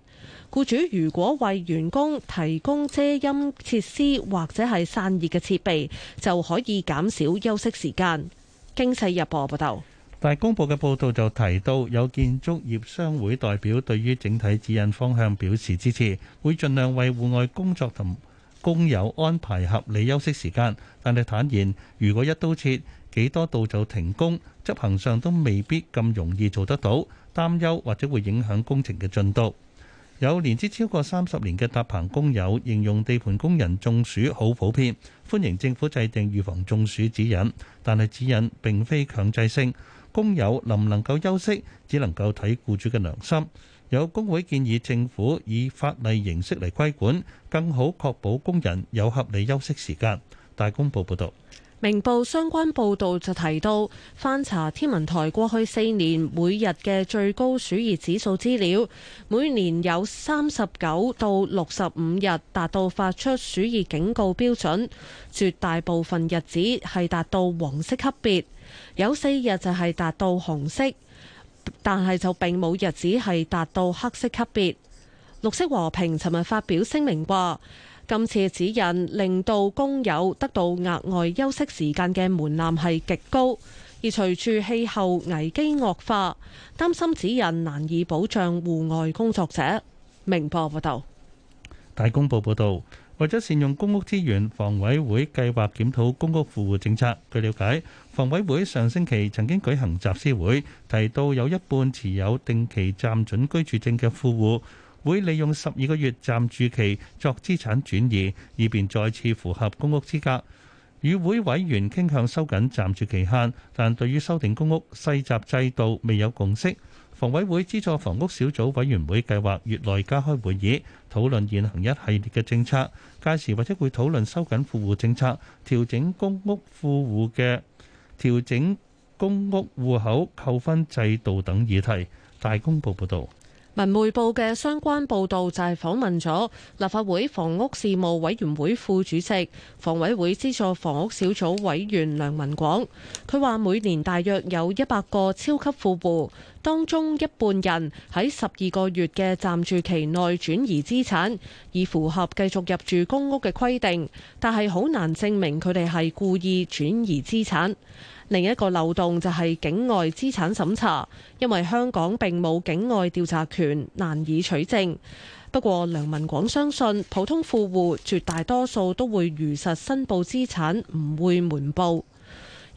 [SPEAKER 3] 僱主如果為員工提供遮陰設施或者係散熱嘅設備，就可以減少休息時間。經濟日報報、啊、道。
[SPEAKER 4] 大公報嘅報道就提到，有建築業商會代表對於整體指引方向表示支持，會盡量為戶外工作同工友安排合理休息時間。但係坦言，如果一刀切，幾多度就停工，執行上都未必咁容易做得到，擔憂或者會影響工程嘅進度。有年資超過三十年嘅搭棚工友形容地盤工人中暑好普遍，歡迎政府制定預防中暑指引，但係指引並非強制性。工友能唔能夠休息，只能夠睇僱主嘅良心。有工會建議政府以法例形式嚟規管，更好確保工人有合理休息時間。大公報報道，
[SPEAKER 3] 明報相關報道就提到，翻查天文台過去四年每日嘅最高暑熱指數資料，每年有三十九到六十五日達到發出暑熱警告標準，絕大部分日子係達到黃色級別。有四日就係達到紅色，但係就並冇日子係達到黑色級別。綠色和平尋日發表聲明話，今次指引令到工友得到額外休息時間嘅門檻係極高，而隨住氣候危機惡化，擔心指引難以保障戶外工作者。明報報道，
[SPEAKER 4] 大公報報道，為咗善用公屋資源，房委會計劃檢討公屋富戶政策。據了解。房委會上星期曾經舉行集思會，提到有一半持有定期暫準居住證嘅富戶，戶會利用十二個月暫住期作資產轉移，以便再次符合公屋資格。與會委員傾向收緊暫住期限，但對於修訂公屋細集制度未有共識。房委會資助房屋小組委員會計劃月內加開會議，討論現行一系列嘅政策，屆時或者會討論收緊富戶，戶政策，調整公屋富戶嘅。調整公屋戶口扣分制度等議題，大公報報道。
[SPEAKER 3] 文匯報嘅相關報道就係訪問咗立法會房屋事務委員會副主席、房委會資助房屋小組委員梁文廣，佢話每年大約有一百個超級富戶，當中一半人喺十二個月嘅暫住期內轉移資產，以符合繼續入住公屋嘅規定，但係好難證明佢哋係故意轉移資產。另一個漏洞就係境外資產審查，因為香港並冇境外調查權，難以取證。不過梁文廣相信，普通富戶絕大多數都會如實申報資產，唔會瞞報。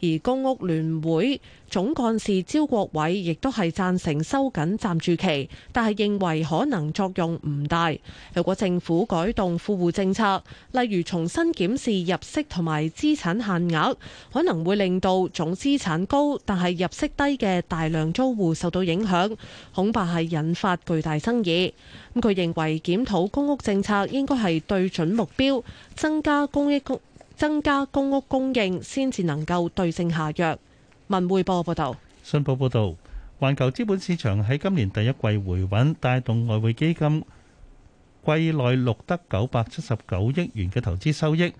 [SPEAKER 3] 而公屋聯會總幹事招國偉亦都係贊成收緊暫住期，但係認為可能作用唔大。如果政府改動富戶政策，例如重新檢視入息同埋資產限額，可能會令到總資產高但係入息低嘅大量租戶受到影響，恐怕係引發巨大爭議。咁佢認為檢討公屋政策應該係對準目標，增加公益公增加公屋供應，先至能夠對症下藥。文匯報報道。
[SPEAKER 4] 信報報道，環球資本市場喺今年第一季回穩，帶動外匯基金季內錄得九百七十九億元嘅投資收益，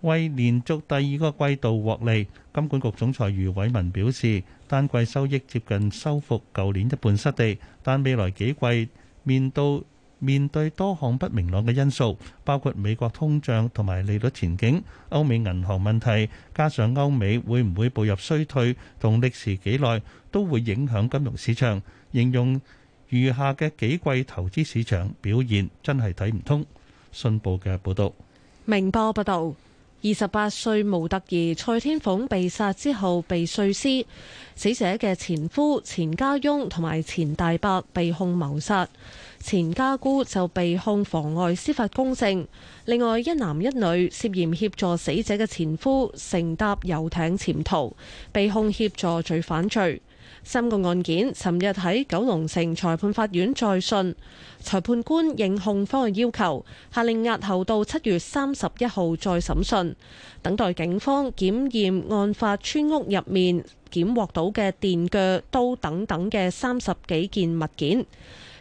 [SPEAKER 4] 為連續第二個季度獲利。金管局總裁余偉文表示，單季收益接近收復舊年一半失地，但未來幾季面到。面對多項不明朗嘅因素，包括美國通脹同埋利率前景、歐美銀行問題，加上歐美會唔會步入衰退同歷時幾耐，都會影響金融市場，應用餘下嘅幾季投資市場表現真係睇唔通。信報嘅報導。
[SPEAKER 3] 明報報道：二十八歲模特兒蔡天鳳被殺之後被碎屍，死者嘅前夫錢家翁同埋錢大伯被控謀殺。前家姑就被控妨礙司法公正，另外一男一女涉嫌協助死者嘅前夫乘搭遊艇潛逃，被控協助罪犯罪。三個案件尋日喺九龍城裁判法院再訊，裁判官應控方嘅要求，下令押後到七月三十一號再審訊，等待警方檢驗案發村屋入面檢獲到嘅電鋸、刀等等嘅三十幾件物件。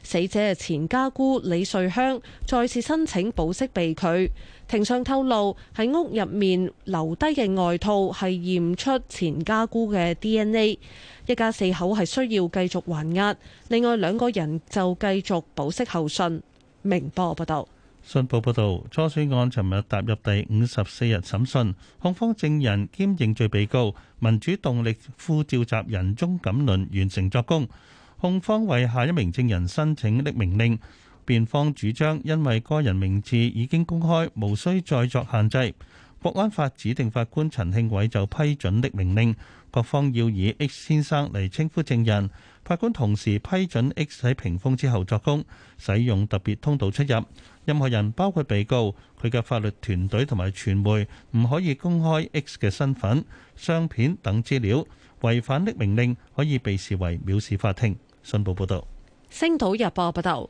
[SPEAKER 3] 死者前家姑李瑞香再次申請保釋被拒。庭上透露喺屋入面留低嘅外套係驗出前家姑嘅 DNA。一家四口係需要繼續還押，另外兩個人就繼續保釋候訊。明報
[SPEAKER 4] 報道，信報報道初選案尋日踏入第五十四日審訊，控方證人兼認罪被告民主動力副召集人鐘錦麟，完成作供。控方為下一名證人申請匿名令，辯方主張因為個人名字已經公開，無需再作限制。國安法指定法官陳慶偉就批准匿名令，各方要以 X 先生嚟稱呼證人。法官同時批准 X 喺屏風之後作供，使用特別通道出入。任何人包括被告，佢嘅法律團隊同埋傳媒唔可以公開 X 嘅身份、相片等資料。違反匿名令可以被視為藐視法庭。新報報道：
[SPEAKER 3] 星島日報報道，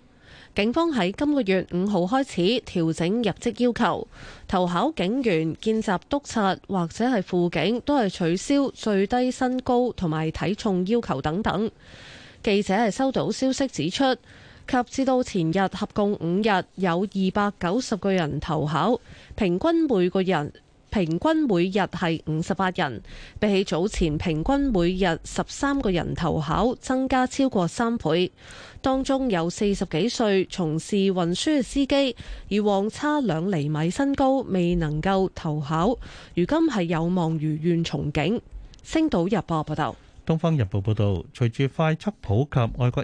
[SPEAKER 3] 警方喺今個月五號開始調整入職要求，投考警員、見習督察或者係輔警都係取消最低身高同埋體重要求等等。記者係收到消息指出，及至到前日合共五日有二百九十個人投考，平均每個人。平均每日係五十八人，比起早前平均每日十三個人投考，增加超過三倍。當中有四十幾歲從事運輸嘅司機，以往差兩厘米身高未能夠投考，如今係有望如願從警。星島日報報道，
[SPEAKER 4] 東方日報報道，隨住快速普及外國。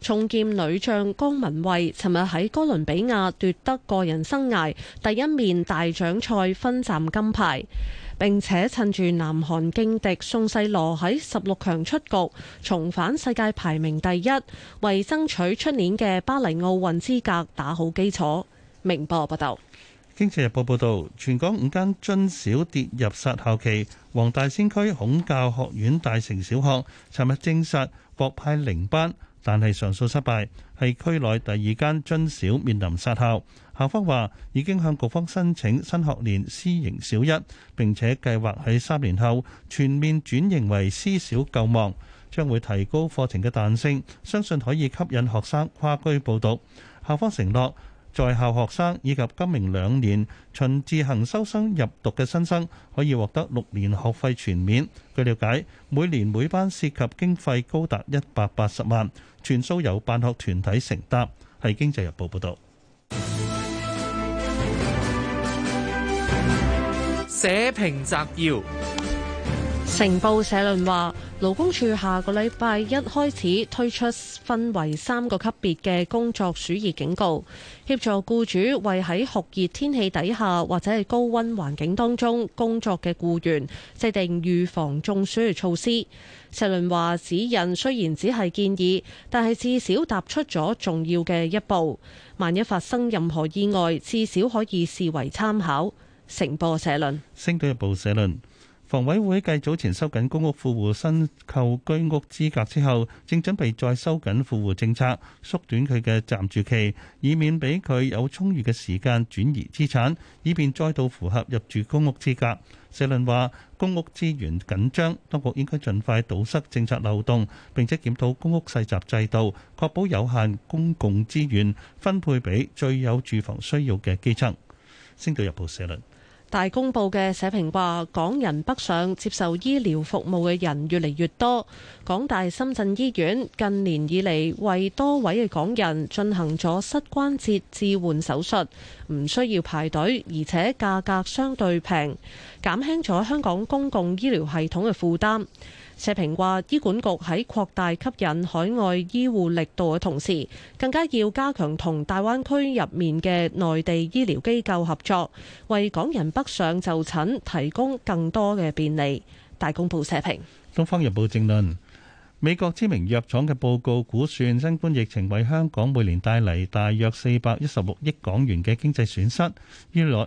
[SPEAKER 3] 重劍女將江文蔚尋日喺哥倫比亞奪得個人生涯第一面大獎賽分站金牌，並且趁住南韓勁敵宋世羅喺十六強出局，重返世界排名第一，為爭取出年嘅巴黎奧運資格打好基礎。明
[SPEAKER 4] 波報道，《經濟日報》報道，全港五間津小跌入殺校期，黃大仙區孔教學院大成小學尋日證實獲派零班。但係上訴失敗，係區內第二間津小面臨殺校。校方話已經向局方申請新學年私營小一，並且計劃喺三年後全面轉型為私小救亡，將會提高課程嘅彈性，相信可以吸引學生跨區報讀。校方承諾，在校學生以及今明兩年循自行收生入讀嘅新生，可以獲得六年學費全免。據了解，每年每班涉及經費高達一百八十萬。全數由辦學團體承擔，係《經濟日報》報導。社評摘要。
[SPEAKER 3] 成報社論話，勞工處下個禮拜一開始推出分為三個級別嘅工作暑熱警告，協助雇主為喺酷熱天氣底下或者係高温環境當中工作嘅雇員制定預防中暑嘅措施。社論話，指引雖然只係建議，但係至少踏出咗重要嘅一步。萬一發生任何意外，至少可以視為參考。成報社論，
[SPEAKER 4] 星島日報社論。房委會繼早前收緊公屋富戶申購居，居屋資格之後，正準備再收緊富戶政策，縮短佢嘅暫住期，以免俾佢有充裕嘅時間轉移資產，以便再度符合入住公屋資格。社論話：公屋資源緊張，當局應該盡快堵塞政策漏洞，並且檢討公屋世襲制度，確保有限公共資源分配俾最有住房需要嘅基層。星島日報社論。
[SPEAKER 3] 大公報嘅社評話，港人北上接受醫療服務嘅人越嚟越多。港大深圳醫院近年以嚟為多位嘅港人進行咗膝關節置換手術，唔需要排隊，而且價格相對平，減輕咗香港公共醫療系統嘅負擔。社評話，醫管局喺擴大吸引海外醫護力度嘅同時，更加要加強同大灣區入面嘅內地醫療機構合作，為港人北上就診提供更多嘅便利。大公報社評，
[SPEAKER 4] 《東方日報》正論，美國知名藥廠嘅報告估算，新冠疫情為香港每年帶嚟大約四百一十六億港元嘅經濟損失，原來。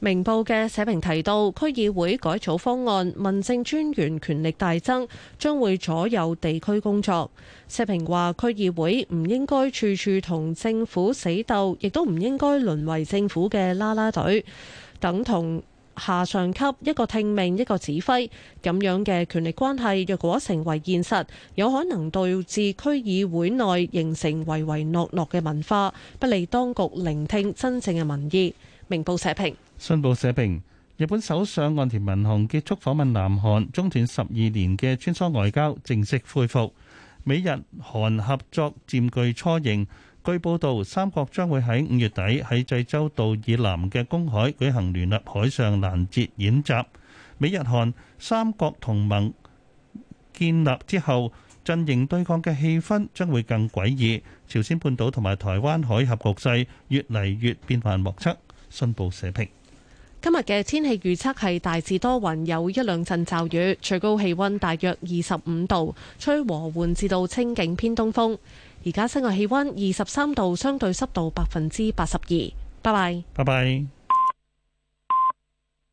[SPEAKER 3] 明報嘅社評提到，區議會改組方案，民政專員權力大增，將會左右地區工作。社評話，區議會唔應該處處同政府死鬥，亦都唔應該淪為政府嘅啦啦隊，等同下上級一個聽命，一個指揮。咁樣嘅權力關係，若果成為現實，有可能導致區議會內形成唯唯諾諾嘅文化，不利當局聆聽真正嘅民意。明報社評，
[SPEAKER 4] 信報社評，日本首相岸田文雄結束訪問南韓，中斷十二年嘅穿梭外交正式恢復，美日韓合作佔據初形。據報道，三國將會喺五月底喺濟州道以南嘅公海舉行聯合海上攔截演習。美日韓三國同盟建立之後，陣營對抗嘅氣氛將會更詭異。朝鮮半島同埋台灣海峽局勢越嚟越變幻莫測。新報社評：
[SPEAKER 3] 今日嘅天氣預測係大致多雲，有一兩陣驟雨，最高氣溫大約二十五度，吹和緩至到清勁偏東風。而家室外氣溫二十三度，相對
[SPEAKER 8] 濕度百分之八十二。拜拜，拜拜。